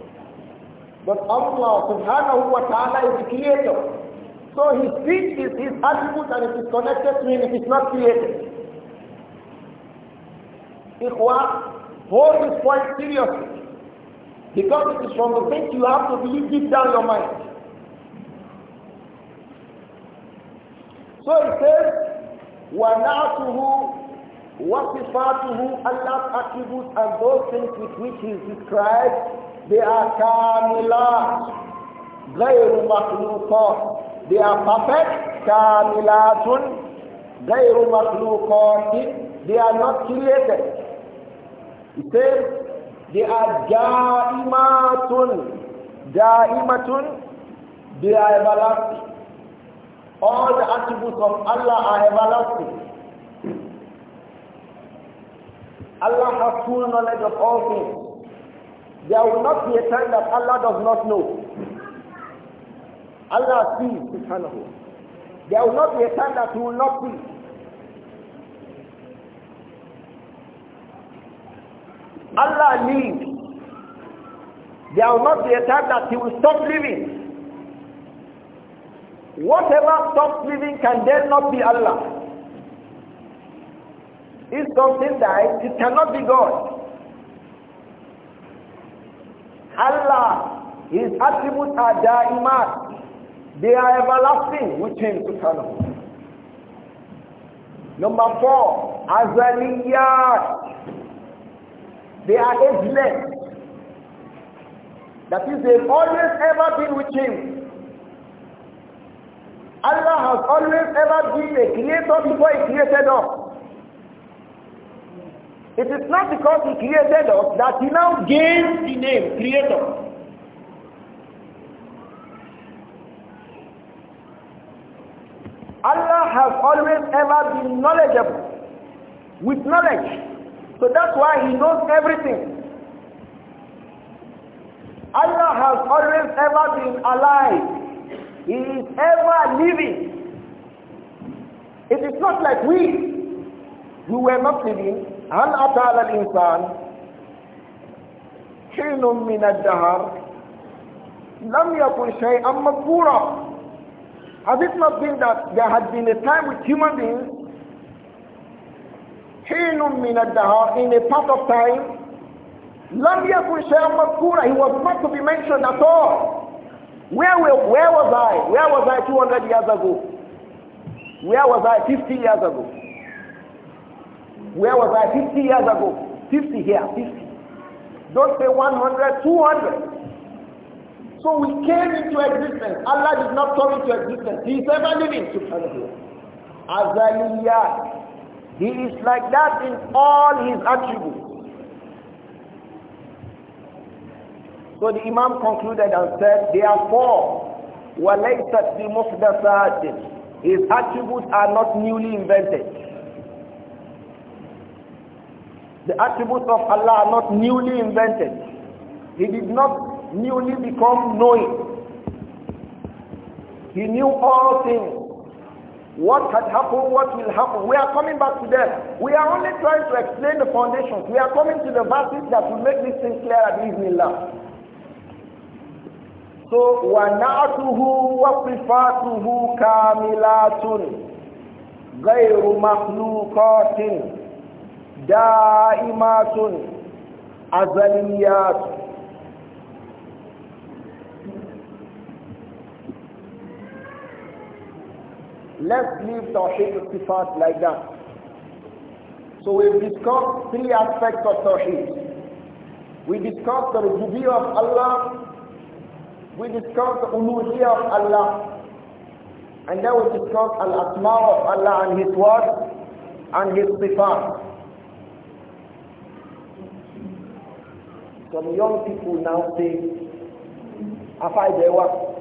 But Allah subhanahu wa ta'ala is the creator. So his speech is his attribute and it is connected to him, it is not created. Ikhwa, hold this point seriously. Because it is from the faith you have to believe deep down your mind. So it says, وَنَعْتُهُ وَصِفَاتُهُ Allah's attributes and those things with which he is described, they are kamilat, غَيْرُ مَخْلُوقَاتٍ They are perfect, كَامِلَاتٌ غَيْرُ مَخْلُوقَاتٍ They are not created. He says, they are دَائِمَاتٌ دَائِمَةٌ They are everlasting. All the attributes of Allah are everlasting. Allah has full knowledge of all things. There will not be a time that Allah does not know. Allah sees subhanahu. There will not be a time that he will not see. Allah lives. There will not be a time that he will stop living. Whatever stops living can then not be Allah. If something dies, it cannot be God. Allah, His attributes are da'imat. They are everlasting with Him, subhanahu. Number four, azaliyat. They are ageless. That is, they've always ever been with Him. Allah has always ever been a creator before he created us. It is not because he created us that he now gains the name creator. Allah has always ever been knowledgeable with knowledge. So that's why he knows everything. Allah has always ever been alive he is ever living. It is not like we who were not living. هل أتى على الإنسان حين من الدهر لم يكن شيئا مذكورا Has it not been that there had been a time with human beings حين من الدهر in a part of time لم يكن شيئا مذكورا He was not to be mentioned at all where, were, where was I? Where was I 200 years ago? Where was I 50 years ago? Where was I 50 years ago? 50 here, 50. Don't say 100, 200. So we came into existence. Allah did not come into existence. He is ever living, subhanahu wa He is like that in all his attributes. So the Imam concluded and said, therefore, وَلَيْسَتْ بِمُحْدَثَاتٍ His attributes are not newly invented. The attributes of Allah are not newly invented. He did not newly become knowing. He knew all things. What had happened, what will happen. We are coming back to that. We are only trying to explain the foundations. We are coming to the verses that will make this thing clear at now so wana'atuhu wa sifatuhu kamilatun ghayru makhluqatin da'imatun azaliyat let's leave tawhid sifat like that so we've discussed three aspects of tawhid we discussed the review of allah we discussed the uluhiyya of Allah. And then we discussed al-asma of Allah and His word and His sifat. Some young people now say, Afai Dewa.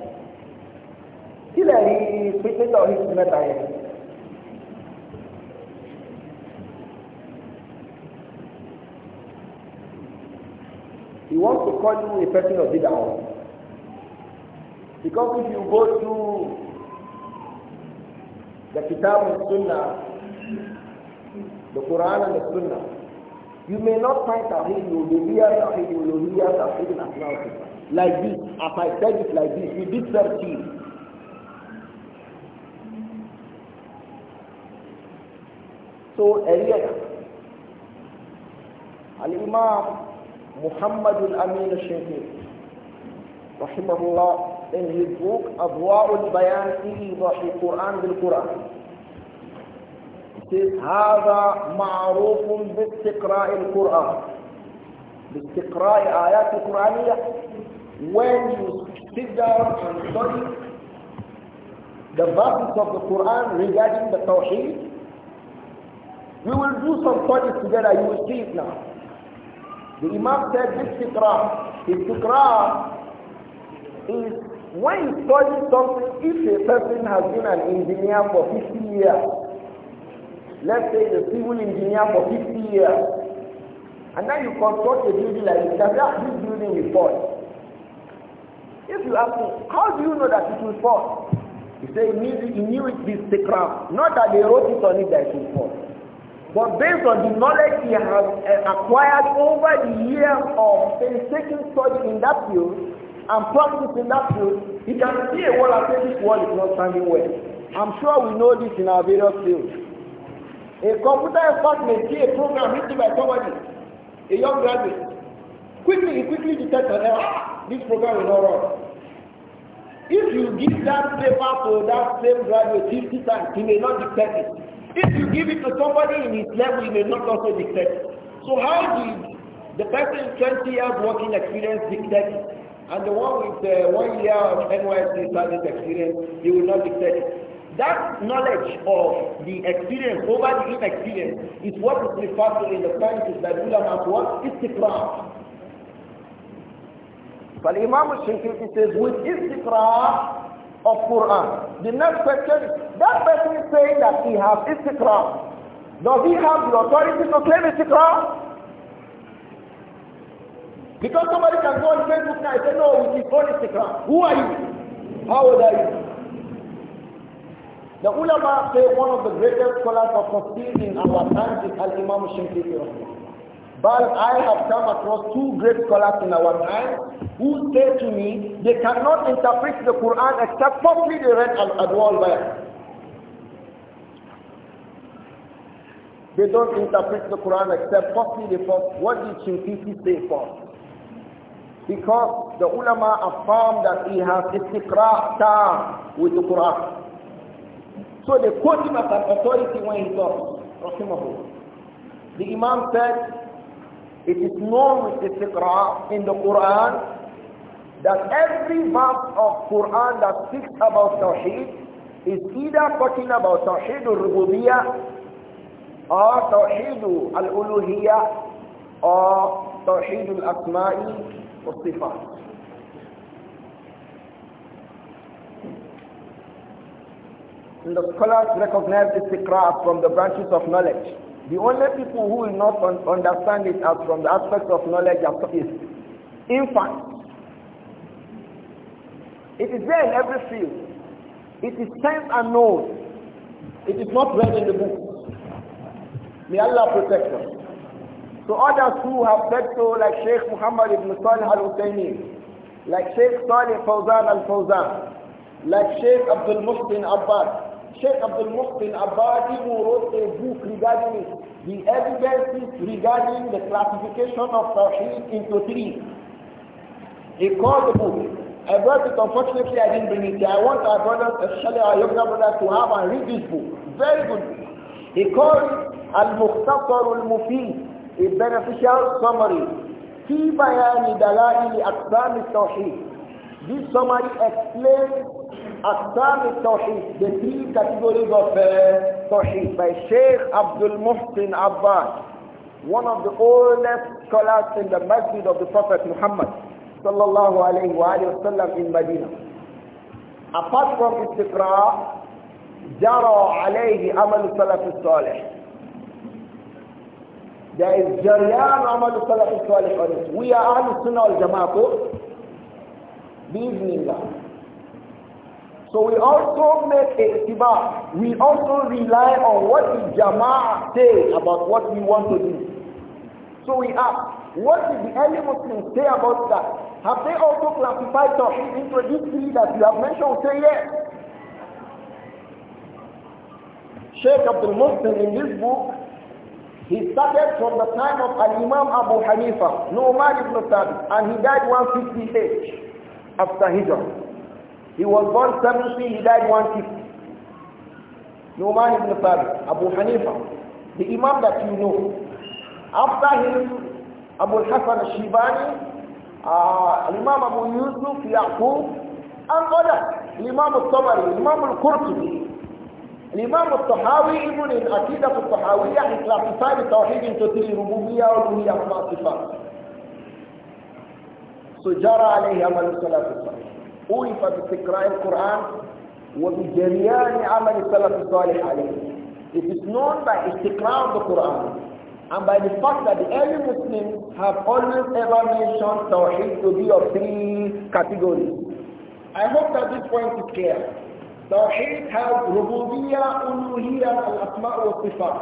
Kílẹ̀ rí pínpínlẹ̀ orísun his yẹn. He wants to call you a person of bidah. Because if you go to the Kitab and Sunnah, the Quran and the Sunnah, you may not find Tawheed Uluhiyya, Tawheed Uluhiyya, Tawheed Asma Like this, as I said it like this, we did 13. So earlier, Al-Imam Muhammad Al-Amin Al-Shaykh, Rahimahullah, in his book Adwa'ul Bayan fi Idahi bil Quran. هذا معروف باستقراء القرآن باستقراء آيات القرآنية when you sit down and study the verses of the Quran regarding the Tawheed we will do some studies together you will see it now the Imam said this Sikra, his is When you study something, if a person has been an engineer for 50 years, let's say the civil engineer for 50 years, and then you construct a building like this, that ah, this building before, If you ask me, how do you know that it will fall? He said he knew it with the craft. Not that they wrote it on it that it will fall. But based on the knowledge he has eh, acquired over the years of taking study in that field, and practicing that truth, you can see a wall I say this wall is not standing well. I'm sure we know this in our various fields. A computer expert may see a program written by somebody, a young graduate. Quickly, he quickly detects an error. Ah, this program is not wrong. If you give that paper to that same graduate 50 times, he may not detect it. If you give it to somebody in his level, he may not also detect it. So how did the person 20 years working experience detect it? And the one with uh, one year of NYC service experience, he will not be studying. That knowledge of the experience over the inexperience is what is referred to in the sciences that ulama as what? Istiqrar. But Imam Shinkiti says, with istiqrar of Quran. The next question is, that person is saying that he has istiqrar. Does he have the authority to claim istiqrar? Because somebody can go on Facebook now and say, no, it is on Instagram. Who are you? How old are you? The ulama say one of the greatest scholars of tafsir in our time is Al-Imam Shinkiti But I have come across two great scholars in our time who say to me they cannot interpret the Quran except properly they read Al-Adwal They don't interpret the Quran except firstly they first. What did Shinkiti say first? Because the ulama affirm that he has istiqra' tam with the Quran. So they quote him as an authority when he talks. The Imam said, it is known with istiqra' in the Quran that every verse of Quran that speaks about Tawheed is either talking about Tawheed al-Rububiyyah or Tawheed al-Uluhiyyah or Tawheed al-Asma'i والصفات And the scholars recognize istiqra' from the branches of knowledge. The only people who will not un understand it as from the aspect of knowledge is infants. It is there in every field. It is sense and known. It is not read in the book. May Allah protect us. To others who have said so, like Sheikh Muhammad ibn Salih al Utaymin, like Sheikh Salih Fawzan al Fawzan, like Sheikh Abdul Muhsin Abbad. Sheikh Abdul Muhsin Abbad even wrote a book regarding the evidences regarding the classification of Tawheed into three. He called the book I brought it, unfortunately I didn't bring it here. I want our brothers, especially our younger brothers, to have and read this book. Very good book. He called it Al-Mukhtasar al-Mufid a beneficial summary في بيان دلائل أقسام التوحيد This summary explains أقسام التوحيد the three categories of uh, توحيد by Sheikh Abdul Muhsin Abbas one of the oldest scholars in the Masjid of the Prophet Muhammad sallallahu alayhi wa sallam in Medina apart from istiqra جرى عليه عمل سلف الصالح there is Jariyan Amal Salaf Salih on it. We are Ahl Sunnah al Jama'ah. Bismillah. So we also make ittiba. We also rely on what the Jama'ah say about what we want to do. So we ask, what did the early Muslims say about that? Have they also classified Tawheed into this three that you have mentioned? Say yes. Sheikh Abdul Muslim in this book he started from the time of Al-Imam Abu Hanifa, Nu'man ibn Thabit, and he died 158 after Hijrah. He was born 70, he died 150. Nu'man ibn Thabit, Abu Hanifa, the Imam that you know. After him, Abu Hassan al-Shibani, uh, Imam Abu Yusuf, Yaqub, and others. Imam al-Tabari, Imam al-Qurtubi, الإمام الطحاوي even in عقيدة الطحاوية he classified التوحيد into three ربوبية ألوهية وصفات so جرى عليه عمل السلف الصالح أُلف باستقراء القرآن وبجريان عمل السلف الصالح عليه It is known by استقراء the Quran and by the fact that the early Muslims have always ever mentioned Tawheed to be of three categories. I hope that this point is clear. Tawheed has rububiyyah, uluhiyyah, and asma wa sifat.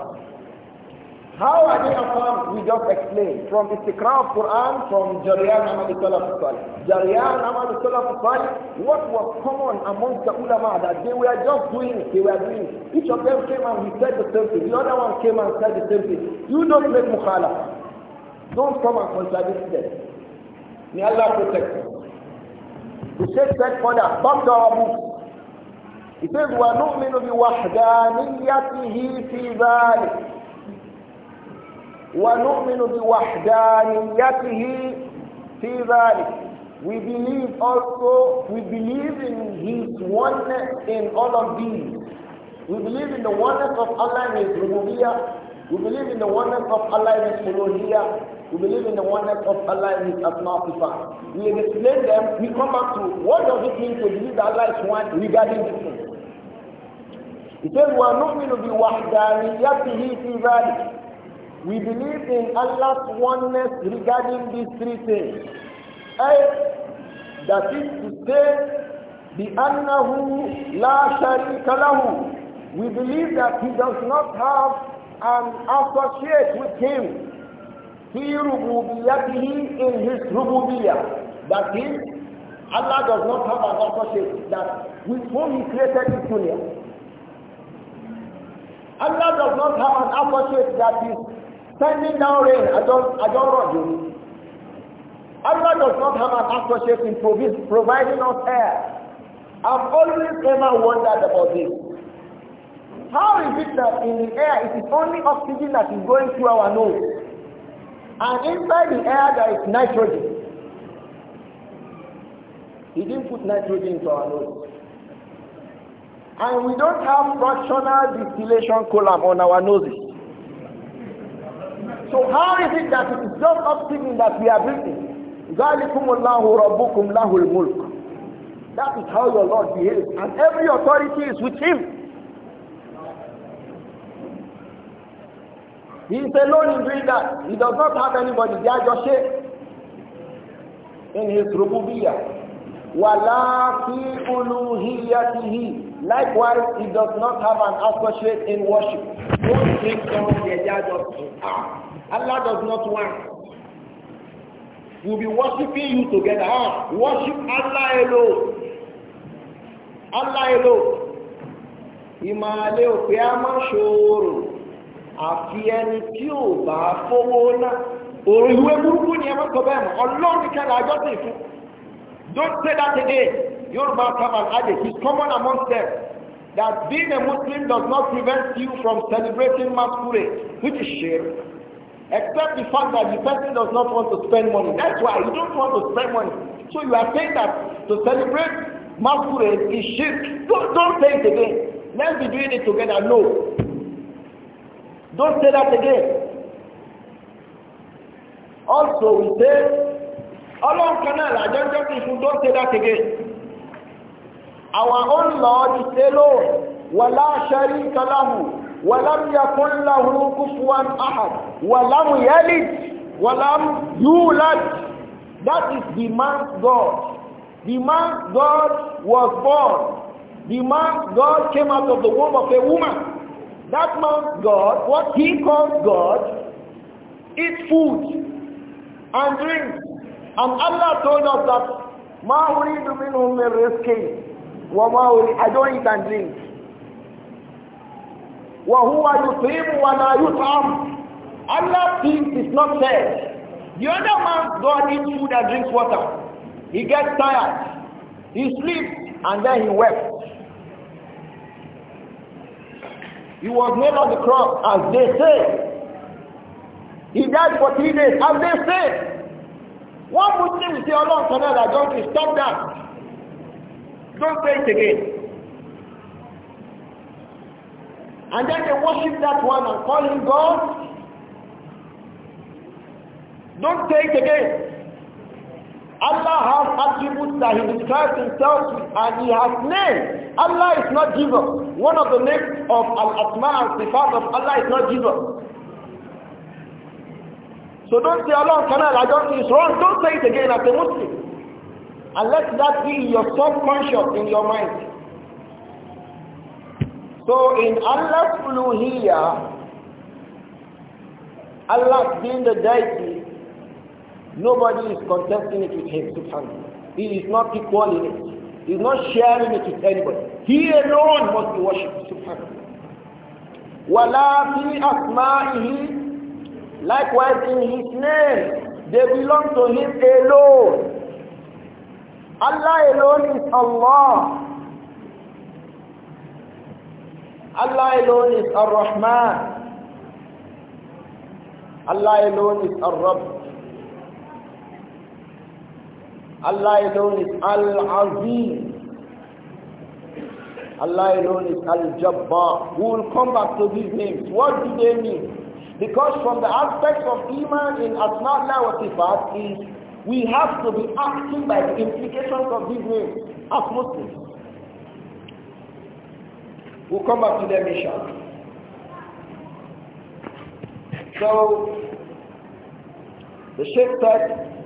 How are they affirmed? We just explained. From Istiqra of Quran, from Jariyan Ahmad Salaf Salih. Jariyan Ahmad Salaf Salih, what was common amongst the ulama that they were just doing they were doing Each of them came and he said the same thing. The other one came and said the same thing. You don't make mukhala. Don't come and contradict them. May Allah protect you. The Sheikh said further, back to our he says, وَنُؤْمِنُ بِوَحْدَانِيَّتِهِ فِي ذَلِكَ وَنُؤْمِنُ بِوَحْدَانِيَّتِهِ فِي ذَلِكَ we believe also, we believe in His oneness in all of these. We believe in the oneness of Allah in His Rububiyyah, we believe in the oneness of Allah in His Uluhiyya. We believe in the oneness of Allah in His Asma We explain them. We come back to what does it mean to believe that Allah is one regarding this thing. He says, وَنُؤْمِنُ to be ذَلِكَ We believe in Allah's oneness regarding these three things. I, that is to say, بِأَنَّهُ لَا شَرِيكَ لَهُ We believe that He does not have and associate with him fi happy in his rububiyyah. That is, Allah does not have an associate that with whom he created his dunya. Allah does not have an associate that is sending down rain. I don't, I don't know you. Allah does not have an associate in providing us air. I've always ever wondered about this. How is it that in the air it is only oxygen that is going through our nose? And inside the air there is nitrogen. He didn't put nitrogen into our nose. And we don't have fractional distillation column on our noses. So how is it that it is just oxygen that we are breathing? ذَلِكُمُ اللَّهُ رَبُّكُمْ لَهُ الْمُلْكُ That is how your Lord behaves. And every authority is with him. He is alone in doing that. He does not have anybody. They are just in his rububiyyah. Wala fi uluhiyyatihi. Likewise, he does not have an associate in worship. Don't think someone they are just in. Ah, Allah does not want. We'll be worshiping you together. Ah, worship Allah alone. Allah alone. Ìmàlẹ́ òpè á máa àfi ẹni tí ò bá fowó ná òrò ìwé burúkú ni ẹ má sọ bẹ́ẹ̀ mọ́ ọlọ́run ní kẹ́lá ajọ́ sì fún don't say that again yorùbá come and add it is common among them that being a muslim does not prevent you from celebrating masquerade which is shame except the fact that the person does not want to spend money that's why you don't want to spend money so you are saying that to celebrate masquerade is shirk don't don't say it again let's be doing it together no Don't say that again. Also, we say, Ọlọ́run kan náà làjọ́jọ́ ti fún don't say that again. Our own Lord is alone. ولا شريك له ولم يكن له كفوا أحد ولم يلد ولم يولد. That is the man's God. The man's God was born. The man's God came out of the womb of a woman. That man's God, what he calls God, is food and drink. And Allah told us that, مَا أُرِيدُ مِنْهُمْ مِنْ wa وَمَا أُرِيدُ I don't eat and drink. وَهُوَ يُطْعِمُ وَلَا يُطْعَمُ Allah thinks it's not fair. The other man's God eats food and drinks water. He gets tired. He sleeps and then he wept. He was nailed on the cross as they say. He died for three days as they say. One Muslim will say, Allah Ta'ala, don't you stop that. Don't say it again. And then they worship that one and call him God. Don't say it again. Allah has attributes that he describes himself and he has names. Allah is not Jesus. One of the names of Al-Asma and Sifat of Allah is not Jesus. So don't say Allah cannot, I don't, it's wrong. Don't say it again as a Muslim. And let that be your subconscious in your mind. So in Allah's uluhiyya, Allah being the deity, Nobody is contesting it with him, subhanAllah. He is not equal in it. He is not sharing it with anybody. He alone must be worshipped, subhanAllah. وَلَا فِي Ihi. Likewise in his name, they belong to him alone. Allah alone is Allah. Allah alone is Ar-Rahman. Allah alone is Ar-Rabb. Allah alone is Al-Azim. Allah alone is Al-Jabbar. We will come back to these names. What do they mean? Because from the aspects of Iman in Asma'Allah wa Sifat is we have to be acting by the implications of these names as Muslims. We'll come back to them inshallah. So, the Sheikh said,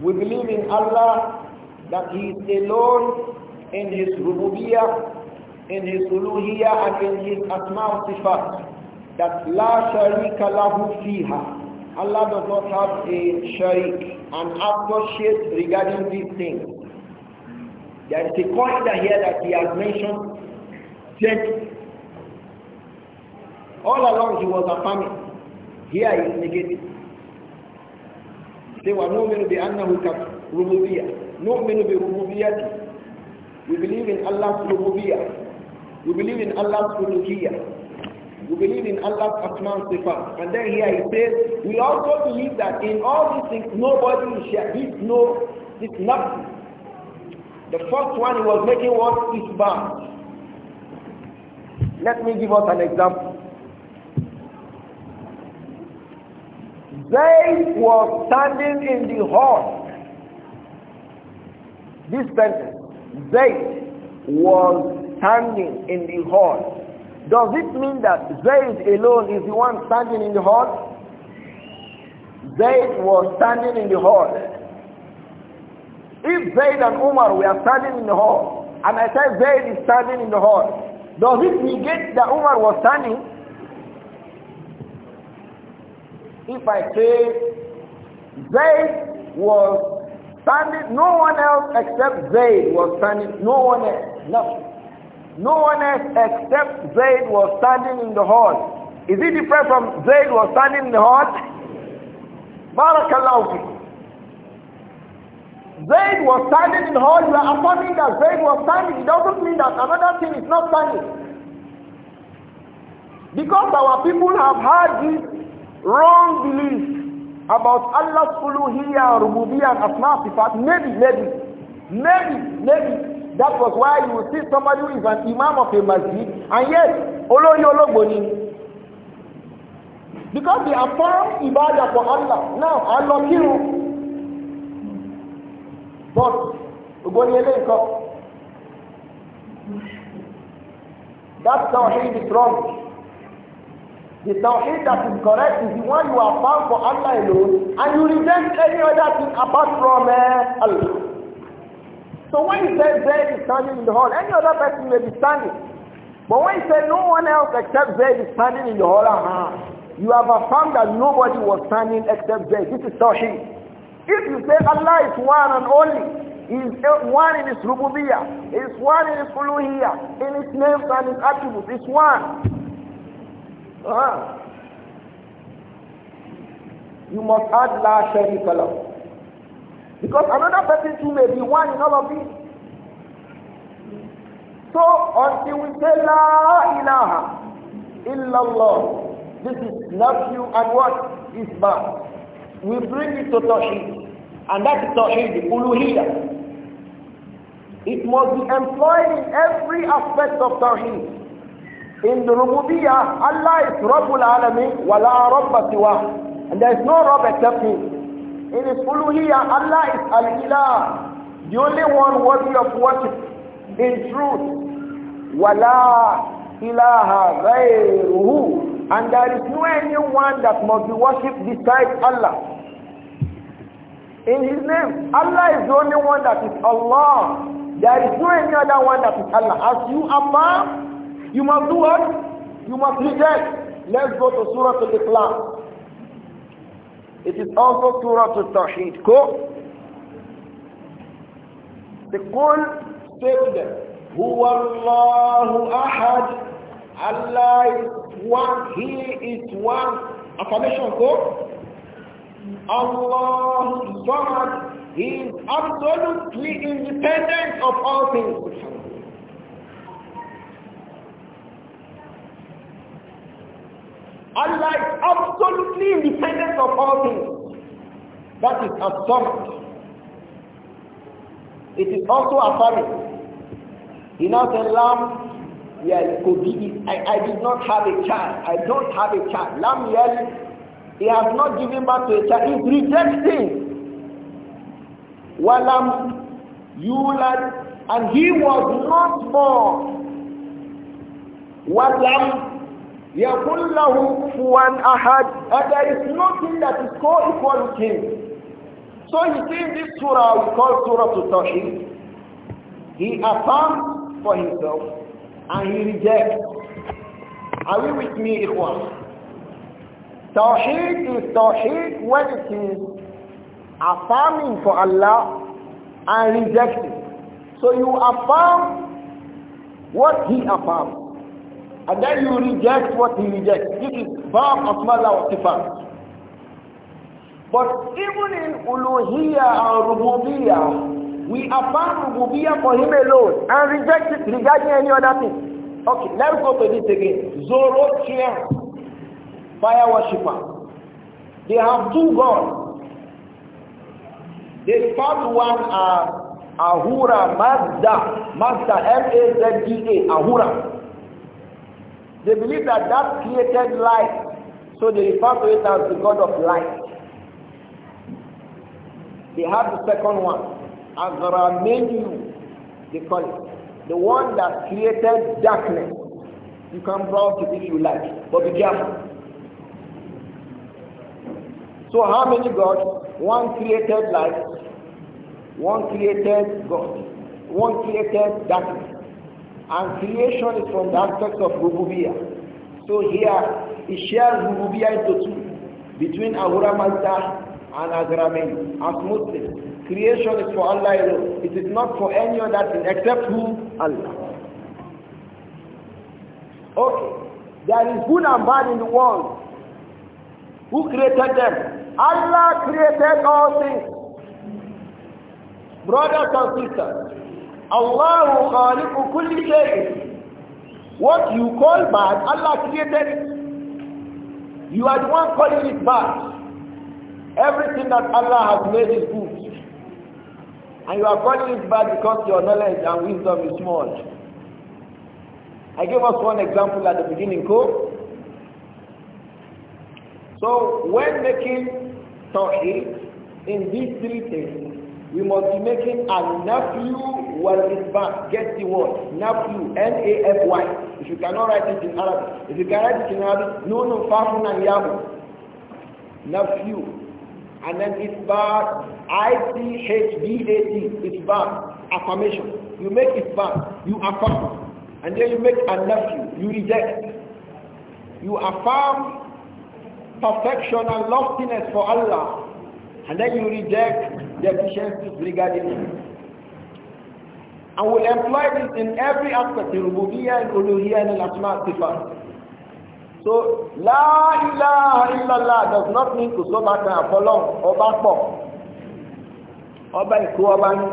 we believe in Allah that He is alone in His rububiyyah, in His uluhiyyah, and in His asma sifat. That la sharika lahu fiha. Allah does not have a sharik, an associate regarding these things. There is a point here that He has mentioned gently. All along He was affirming. Here He is negative. Say, وَنُؤْمِنُ بِأَنَّهُ كَرُبُوبِيَّةِ نُؤْمِنُ بِرُبُوبِيَّةِ We believe in Allah's rububiyyah. We believe in Allah's uluhiyyah. We believe in Allah's asma sifat. And then here he says, we also believe that in all these things nobody is shared. no, this nothing. The first one he was making was Isbah. Let me give us an example. They were standing in the hall. This sentence, Zayd was standing in the hall. Does it mean that Zayd alone is the one standing in the hall? Zayd was standing in the hall. If Zayd and Umar were standing in the hall, and I said Zayd is standing in the hall, does it negate that Umar was standing? if I say Zaid was standing, no one else except Zaid was standing, no one else, nothing. No one else except Zaid was standing in the hall. Is it different from Zaid was standing in the hall? Barakallahu fiqh. Zaid was standing in the hall. You are affirming that Zaid was standing. It doesn't mean that another thing is not standing. Because our people have had this wrong belief about Allah's uluhiyya, rububiyya, and asma sifat, maybe, maybe, maybe, maybe, that was why you see somebody who is an imam of a masjid, and yet, olóyè ológbòni. Because they affirm ibadah for Allah. Now, Allah kiru. But, ògbóni eléyìí kọ́. That tawhid is wrong. The tawheed that is correct is the one you are found for Allah alone and you reject any other thing apart from uh, Allah. So when he says Zayd is standing in the hall, any other person may be standing. But when he said no one else except Zayd is standing in the hall, uh you have affirmed that nobody was standing except Zayd. This is tawheed. If you say Allah is one and only, he is eh, one in his rububiyyah, he is one in his uluhiyyah, in his names and his attributes, is one. Quran. Ah. You must add La Sharika Lahu. Because another person too may be one in all of these. So until we say La ilaha illallah, this is you and what is bad. We bring it to Tawheed. And that is Tawheed, Uluhiyah. It must be employed in every aspect of Tawheed. In the Rububiyyah, Allah is Rabbul Alameen wa la Rabba siwa. And there is no Rabb except Him. In His Uluhiyyah, Allah is Al-Ilah, the only one worthy of worship in truth. Wa la ilaha ghayruhu. And there is no anyone that must be worshipped besides Allah. In His name, Allah is the only one that is Allah. There is no any other one that is Allah. As you above, you must do what? You must reject. Let's go to Surah Al-Ikhlas. It is also Surah Al-Tawheed. Go. The call says to them, Who الله Allah is one, He is one. Affirmation go. Allah is one. He is absolutely independent of all things. Allah is absolutely independent of all things. That is absurd. It is also affirming. He now said, Lam yel I, I did not have a child. I don't have a child. Lam yel, he has not given birth to a child. He's rejecting. Walam yulad. And he was not born. Walam يَقُلْ لَهُ كُفُوًا أَحَدٌ And there is nothing that is co-equal with him. So he says this surah we call Surah to He affirms for himself and he rejects. Are you with me, Ikhwan? Tawheed is Tawheed when it is affirming for Allah and rejecting. So you affirm what he affirms. And then you reject what he rejects. This is Bab Asmala wa But even in Uluhiyya or Rububiyya, we affirm Rububiyya for him alone and reject it regarding any other thing. Okay, let's go to this again. Zoroastrian fire worshipper. They have two gods. They first one are uh, Ahura Mazda. Mazda, M-A-Z-D-A, Ahura. They believe that that created light, so they refer to it as the God of light. They have the second one, Agramenu, they call it. The one that created darkness. You can browse it if you like, but be careful. So how many gods? One created light, one created God, one created darkness. And creation is from the aspect of Rububiya. So here, it shares Rububiya into two, between Ahura Mazda and Agramin, as Muslims. Creation is for Allah alone. It is not for any other thing except who? Allah. Okay. There is good and bad in the world. Who created them? Allah created all things. Brothers and sisters, Allah khaliqu kulli shay. What you call bad, Allah created it. You are the one calling it bad. Everything that Allah has made is good. And you are calling it bad because your knowledge and wisdom is small. I gave us one example at the beginning, Ko. So when making Tawheed in these three things, we must be making a nephew it's back. Get the word. Nephew, N-A-F-Y. If you cannot write it in Arabic. If you can write it in Arabic, no, no, fafun and yamu. Nephew. And then it's I-C-H-B-A-T. It's back. affirmation. You make it back. you affirm. And then you make a nephew, you reject. You affirm perfection and loftiness for Allah. And then you reject deficiencies regarding him. And we will employ this in every aspect, in Rububiyyah, in Uluhiya and in Asma' Sifat. So, La ilaha illallah does not mean to so back and for long, or back up. Ọba ìkú ọba ní.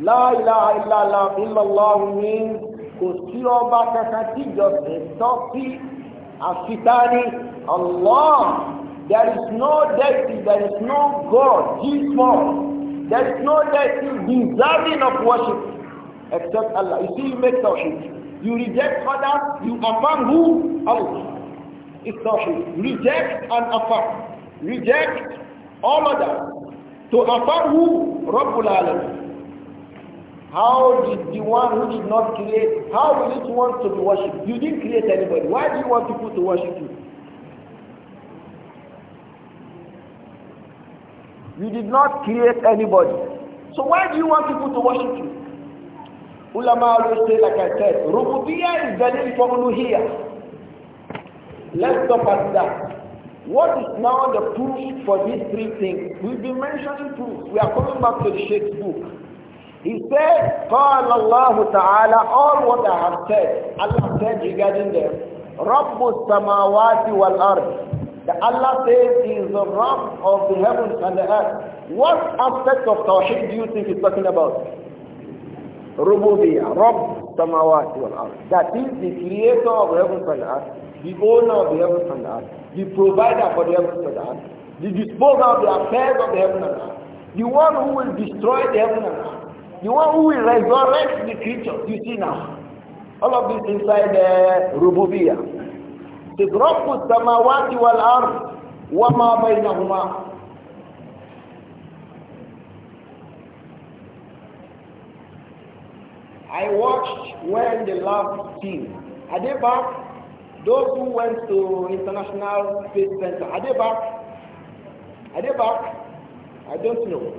La ilaha illallah illallah means kò sí ọba kankan tí ìjọsìn tọ́ sí àfitá ní Allah. There is no deity, there is no God, His form. There is no deity deserving of worship except Allah. You see, you make tawshid. You reject others, you affirm who? Allah. It's tawshid. Reject and affirm. Reject all others. To affirm who? Rabbul Alam. How did the one who did not create, how will it want to be worshipped? You didn't create anybody. Why do you want people to worship you? You did not create anybody. So why do you want people to worship you? Ulama always say, like I said, Rububiya is dalil for Uluhiya. Let's stop at that. What is now the proof for these three things? We've been mentioning proof. We are coming back to the Sheikh's book. He said, قال الله تعالى, all what I have said, Allah said regarding them, رب السماوات والأرض that Allah says He is the Rabb of the heavens and the earth. What aspect of Tawheed do you think He's talking about? Rububiyya, Rabb Samawati wal Ard. That is the creator of the heavens and the earth, the owner of the heavens and the earth, the provider for the heavens and the earth, the disposer of the affairs of the heavens and the earth, the one who will destroy the heavens and the earth, the one who will resurrect the creatures. You see now, all of this inside the uh, Rububiyya. I watched when the last team, are they back? Those who went to International Space Center, are they back? Are they back? I don't know.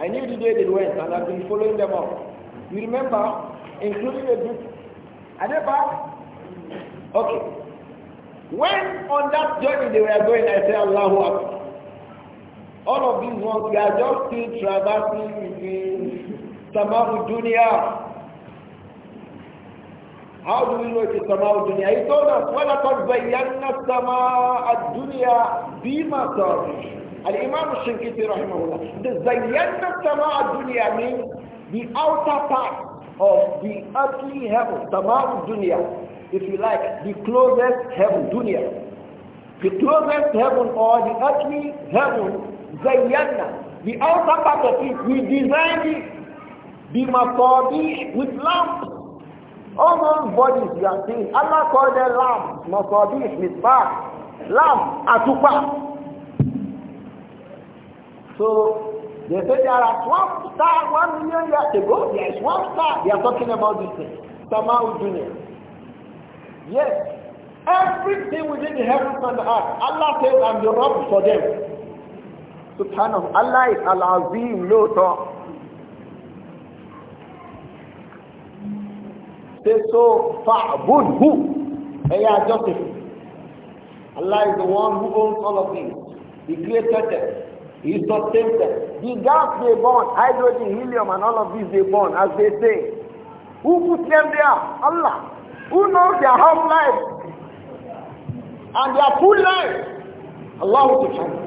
I knew the day they went and I've been following them up. You remember, including the group, are they back? Okay. When on that journey they were going, I said, Allahu Akbar. All of these ones, they are just still traversing between Samaru Dunya. How do we know it is Samaru Dunya? He told us, وَلَقَدْ Dunya be الدُّنْيَا بِمَصَابِيحِ Al-Imam Shinkiti rahimahullah. The Zayyana Sama Dunya means the outer part of the earthly heaven, Sama Dunya if you like, the closest heaven, dunya. The closest heaven or the earthly heaven, Zayyana. The outer part of it, we designed it, the maqabih with lamps. All those bodies you are seeing, Allah called them lamps, maqabih, misbah, lamp, atupa. So, they say there are 12 stars one million years ago, there is one star, they are talking about this thing. Sama'u dunya. Yes, everything within the heavens and the earth, Allah says, I'm the Rabb for them. Subhanahu, Allah is Al-Azim, Lothar. Say so, fa'budhu. They are justified. Allah is the one who owns all of these. He created them. He sustains them. The gas they burn, hydrogen, helium, and all of these they burn, as they say. Who put them there? Allah who knows their half life and their full life. Allah subhanahu.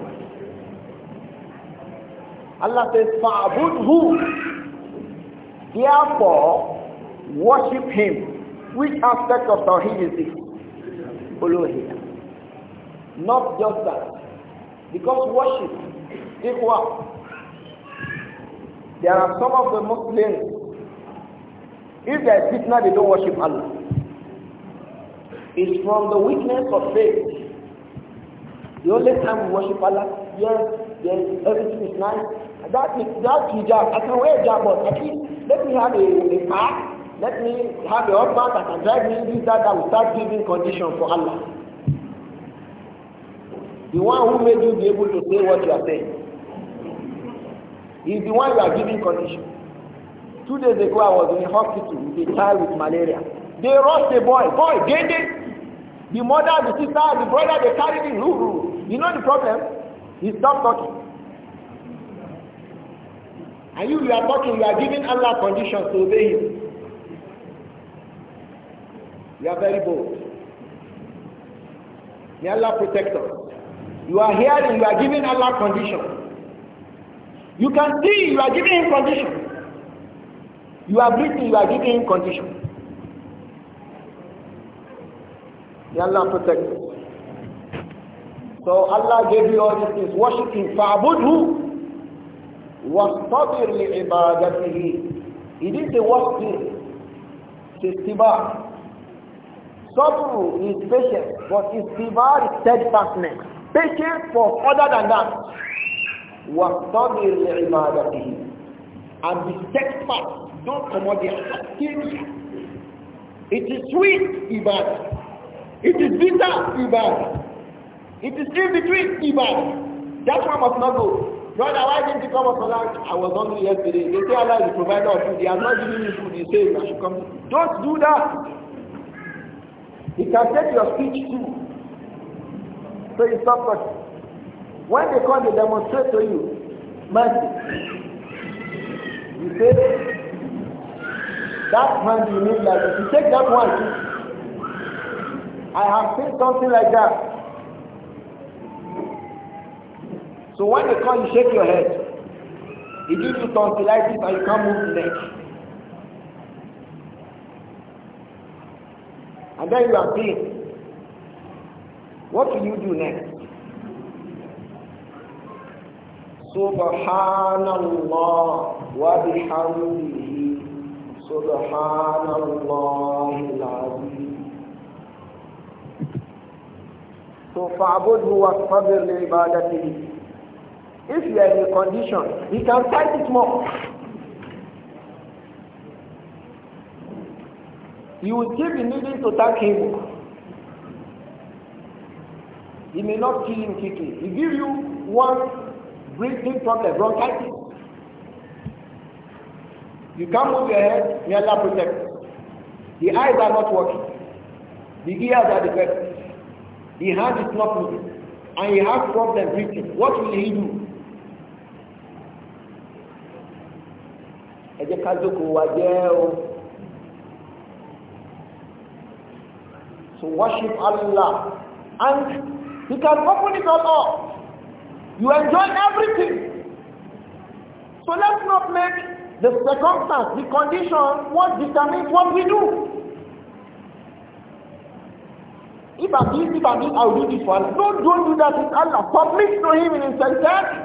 Allah says, Fa'budhu. Therefore, worship Him. Which aspect of Tawheed is this? Uluhiyya. Not just that. Because worship, if what? There are some of the Muslims, if they are fitna, they don't worship Allah is from the weakness of faith. The only time we worship Allah, yes, then everything is nice. That is that hijab. I can wear hijab, but at least let me have a, a car, let me have a husband that can drive me, this, that, that will start giving condition for Allah. The one who made you be able to say what you are saying is the one you are giving condition. Two days ago, I was in a hospital with a child with malaria. They rushed a boy. Boy, get it. The mother, the sister, the brother, they carried him. You know the problem? He stopped talking. And you, you are talking, you are giving Allah conditions to obey him. You are very bold. May Allah protect us. You are hearing, you are giving Allah conditions. You can see, you are giving him conditions. You are breathing, you are giving him conditions. May Allah protect us. So Allah gave you all these things. Worship Him. فَعْبُدْهُ وَاصْطَبِرْ لِعِبَادَتِهِ He did the say wasbir. Istibar. Sabr is patience, but istibar is steadfastness. Patience for other than that. وَاصْطَبِرْ لِعِبَادَتِهِ And be steadfast. Don't come out there. It is sweet ibadah. It is bitter Ibadah. It is in between Ibadah. That one must not go. Brother, why didn't you come up for I was hungry yesterday. They say Allah is the provider of food. They are not giving you food. They say you should come. Don't do that. It can set your speech too. So you stop talking. When they come, they demonstrate to you mercy. You say, that one you need like You take that one too. I have seen something like that. So when they call you, shake your head. It gives you tonsillitis and you can't move the neck. And then you are clean. What do you do next? Subhanallah wa bihamdihi Subhanallah al-Azim So فَعْبُدْهُ وَاصْطَبِرْ لِعِبَادَتِهِ If you are in a condition, he can fight it more. You will keep needing to thank him. He may not kill him quickly. He give you one breathing problem, bronchitis. You can't move your head, are not protected. The eyes are not working. The ears are defective. He has is not And he has problems with it. What will he do? Ẹ jẹ́ ká jókòó wa jẹ́ o. So worship Allah. And you can open it all up. You enjoy everything. So let's not make the circumstance, the condition, what determines what we do. If I'm doing this, I'm doing, I'll do this for Allah. No, don't do that with Allah. Submit to Him in sincerity.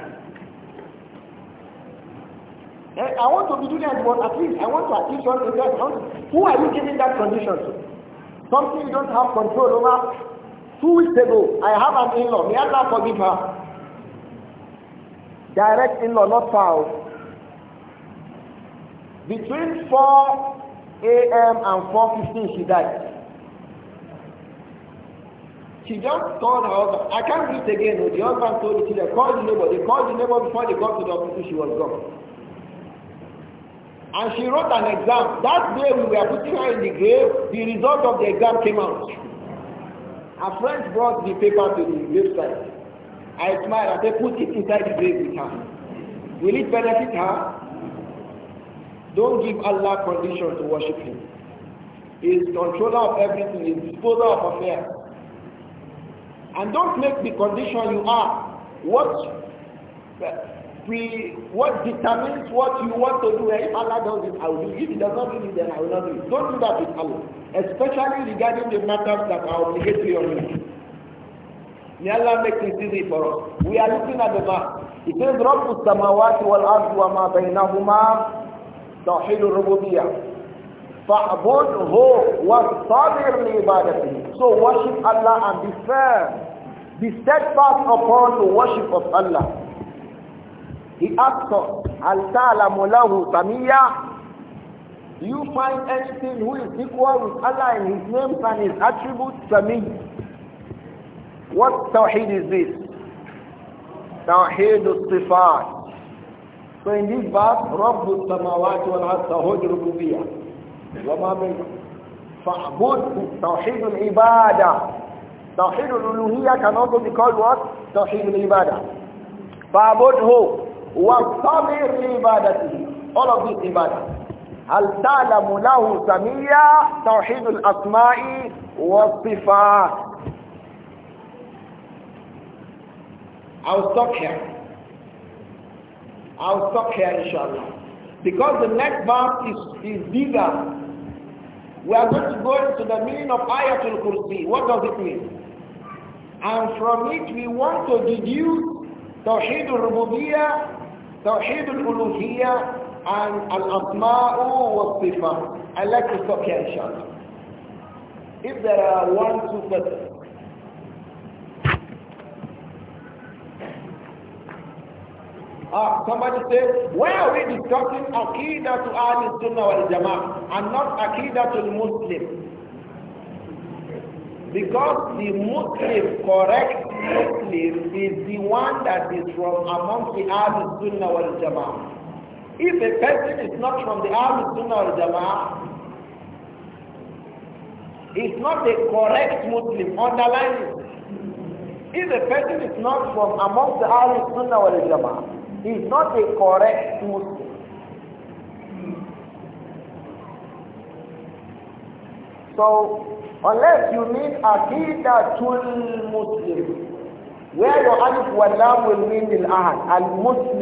Eh, I want to be doing that, but at least I want to achieve something else. Who are you giving that condition to? Something you don't have control over. Two weeks ago, I have an in-law. May Allah forgive her. Direct in-law, not foul. Between 4 a.m. and 4.15, she died. She just called her husband, I can't do it again. Oh. The husband told the children, call the neighbor. They called the neighbor before they got to the hospital, she was gone. And she wrote an exam. That day we were putting her in the grave, the result of the exam came out. Her friends brought the paper to the gravesite. I smiled and they put it inside the grave with her. Will it benefit her? Don't give Allah conditions to worship Him. He is controller of everything, He is disposer of affairs. And don't make the condition you are what we uh, what determines what you want to do. If Allah does it, I will do it. If He does not do it, then I will not do it. Don't do that with Allah, especially regarding the matters that are obligatory on you. May Allah make this easy for us. We are looking at the verse. It says, رب السماوات والأرض وما بينهما توحيد الربوبية فَعْبُدْهُ وَصَبِرْ لِعِبَادَتِهِ So worship Allah and be firm. Be steadfast upon the worship of Allah. He asked us, هَلْ تَعْلَمُ لَهُ سَمِيًّا Do you find anything who is equal with Allah in His names and His attributes? Sami. What Tawheed is this? Tawheed al-Sifat. So in this verse, رَبُّ السَّمَوَاتِ وَالْعَرْضِ Tawheed rububiyyah وما منكم فاعبد توحيد العبادة توحيد الألوهية can also be called what? توحيد العبادة فاعبده واصطبر لعبادته all of these ibadah هل تعلم له سميا توحيد الأسماء والصفات I'll stop here. I'll stop here inshallah. Because the next verse is, is bigger we are going to go into the meaning of Ayatul Kursi. What does it mean? And from it we want to deduce Tawheed al-Rububiyyah, Tawheed al-Uluhiyyah, and Al-Asma'u wa Sifat. I'd like to stop here inshallah. If there are one, two, Ah, somebody said, why are we discussing Aqidah to Ahl Sunnah wal Jama'ah and not Aqidah to Muslim? Because the Muslim, correct Muslim, is the one that is from among the Ahl Sunnah wal Jama'ah. If a person is not from the Ahl Sunnah wal Jama'ah, it's not a correct Muslim, underline it. If a person is not from among the Ahl Sunnah wal Jama'ah, is not a correct Muslim. So, unless you mean Aqidatul Muslim, where your alif wallah will mean in ahad al muslim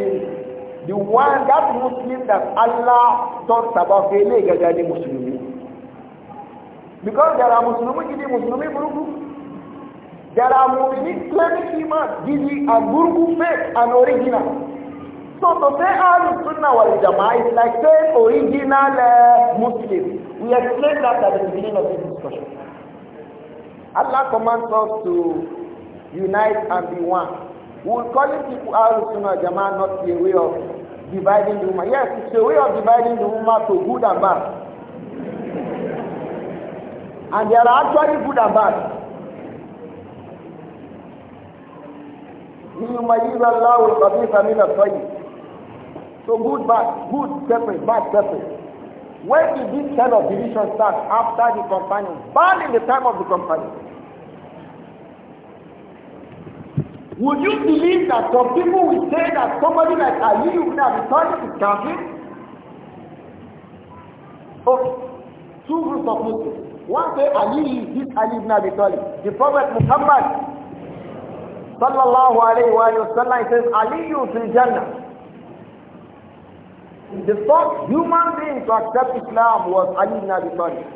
the one that muslim that allah talks about ele gagani Muslim, because there are muslimi the Muslim buruku there are Muslims claiming iman gidi and buruku fake and original so to say Ahlul Sunnah wal Jama'ah is like saying original uh, Muslim. We explained that at the beginning of this discussion. Allah commands us to unite and be one. We will calling people Ahlul Sunnah Jama'ah not a way of dividing the Ummah. Yes, it's a way of dividing the Ummah to good and bad. And there are actually good and bad. ليميز الله الخبيث من الطيب so good, bad, good, separate, bad, separate. When did this kind of division start? After the companion. Bad in the time of the companion. Would you believe that some people will say that somebody like Ali would have Talib is Kafir? Okay. Two groups of Muslims. One say Ali is this Ali ibn Abi Talib. The Prophet Muhammad sallallahu alayhi wa sallam says Ali is in Jannah. The first human being to accept Islam was Ali ibn Abi Talib.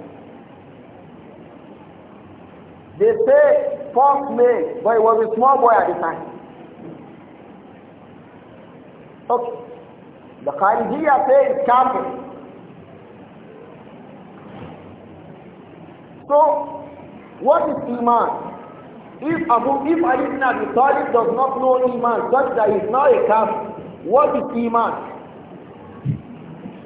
They say first man, but he was a small boy at the time. Okay. The Kharijiyya says it's So, what is Iman? If Abu, if Ali ibn Abi Talib does not know Iman such that he is not a kafir, what is Iman?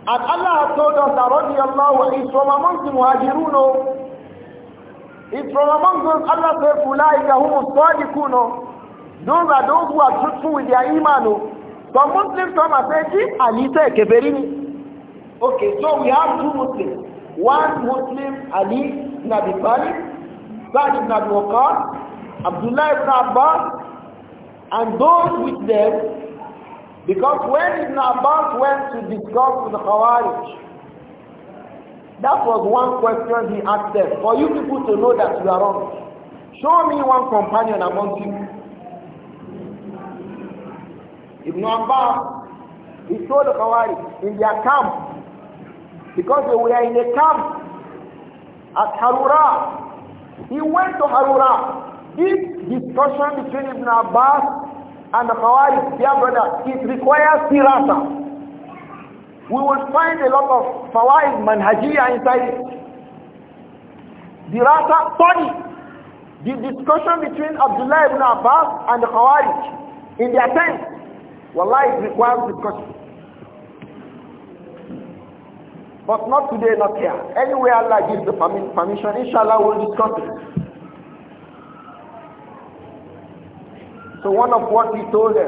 And Allah told us that radiallahu is from among the muhajirun. Oh. It's from among those Allah says, Fulaika humus sadiqun. Oh. Those are those who are truthful with their iman. Oh. Some Muslims come and say, this Alisa Keferini. Okay, so we have two Muslims. One Muslim, Ali ibn Abi Talib, Sa'd ibn Abi Waqqas, and those with them Because when Ibn Abbas went to discuss with the Khawarij, that was one question he asked them. For you people to know that you are wrong, show me one companion among you. Ibn Abbas, he saw the Khawarij in their camp, because they were in a camp at Harura. He went to Harura. This discussion between Ibn Abbas and the Khawarij, dear brother, it requires firasa. We will find a lot of fawaid manhajiyah inside it. Dirasa, study. The discussion between Abdullah ibn Abbas and the Khawarij in their tent Wallahi, it requires discussion. But not today, not here. Anywhere Allah gives the permission, inshallah, we'll discuss it. So one of what he told them,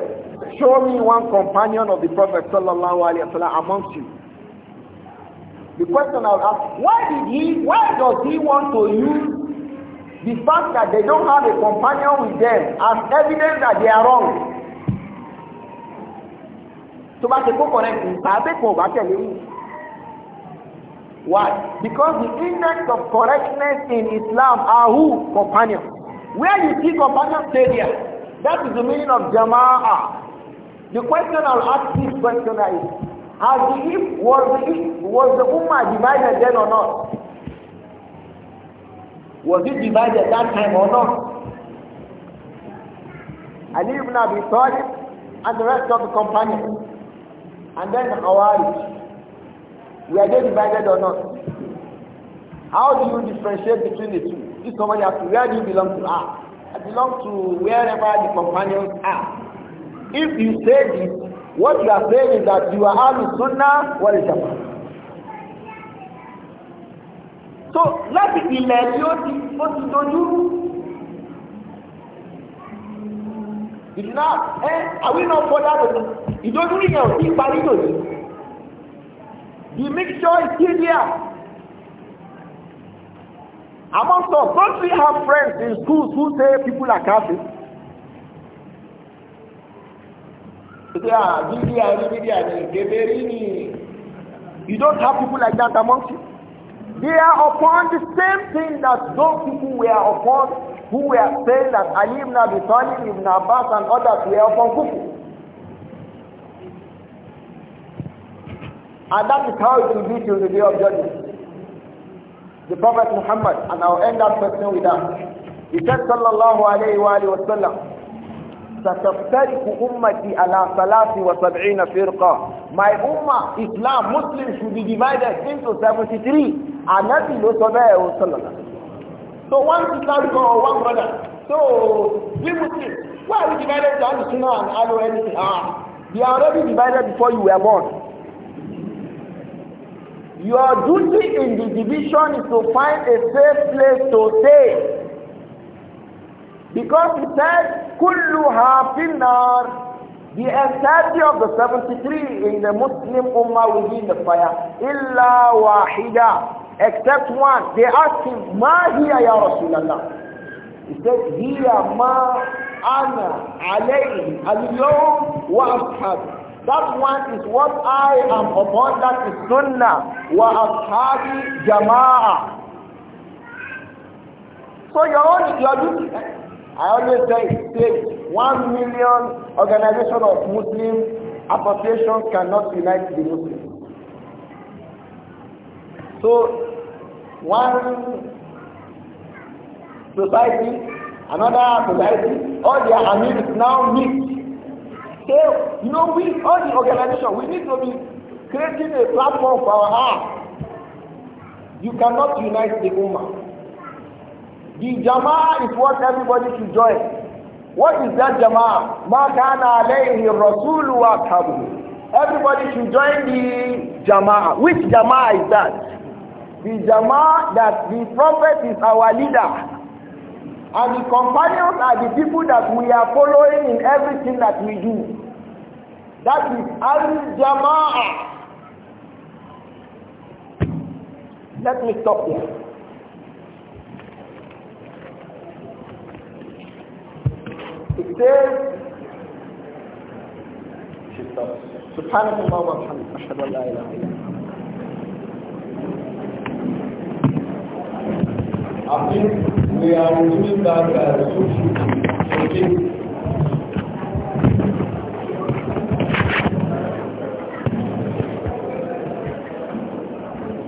show me one companion of the Prophet sallallahu alaihi wasallam amongst you. The question I'll ask, why did he, why does he want to use the fact that they don't have a companion with them as evidence that they are wrong? So bá ṣe correct Why? Because the index of correctness in Islam are who? Companions. Where you see companions stay there. That is the meaning of jama'ah. The question I'll ask this question is, has the, was, the, was the ummah divided then or not? Was it divided that time or not? Ali ibn Abi Talib and the rest of the companions. And then the Khawarij. Were they divided or not? How do you differentiate between the two? This somebody asks, where do you belong to? Ah, I belong to wherever the companions are. If you say this, what you are saying is that you are Ahlul Sunnah is Jama'ah. So láti ilẹ̀ tí ó ti ó ti dojú ìdúná ẹ àwínà fọdá lòdì ìdójú nìyẹn ò tí parí lòdì. The mixture is still there. Amongst us, don't we have friends in schools who say people are Catholic? You don't have people like that amongst you. They are upon the same thing that those people were upon who were saying that Ali ibn Abi Talib, ibn Abbas and others were upon Kufu. And that is how it will be till the day of judgment the Prophet Muhammad, and I'll end that question with that. He said, sallallahu alayhi wa alayhi wa sallam, ستفترق أمتي على ثلاث وسبعين فرقة My ummah, Islam, Muslims should be divided into 73 and ló sọ bẹ́ẹ̀ o sọlọ́lá So one Islam is or one brother So we Muslims, why are we divided into to Sunnah and Alu anything? Ah, they are already divided before you were born your duty in the division is to find a safe place to stay. Because he said, "Kullu فِي النَّارِ The entirety of the 73 in the Muslim Ummah will be in the fire. illa وَاحِدًا Except one. They asked him, Ma هِيَ يَا رَسُولَ He said, هِيَ ana أَنَا عَلَيْهِ wa وَأَصْحَابِهِ that one is what I am upon, that is sunnah. Wa ashabi jama'ah. So your own, your duty, eh? I always say, take one million organization of Muslim associations cannot unite the Muslims. So one society, another society, all their amirs now meet you know, we, all the organization, we need to be creating a platform for our heart. You cannot unite the Ummah. The Jama'ah is what everybody should join. What is that Jama'ah? Ma kana alayhi Rasul wa Everybody should join the Jama'ah. Which Jama'ah is that? The Jama'ah that the Prophet is our leader. And the companions are the people that we are following in everything that we do. That is al-jama'ah. Let me stop here. It says, سبحانك وبحمدك أشهد أن لا إله إلا أنت ìgbéyàwó tó gbàgbà sóṣù òkè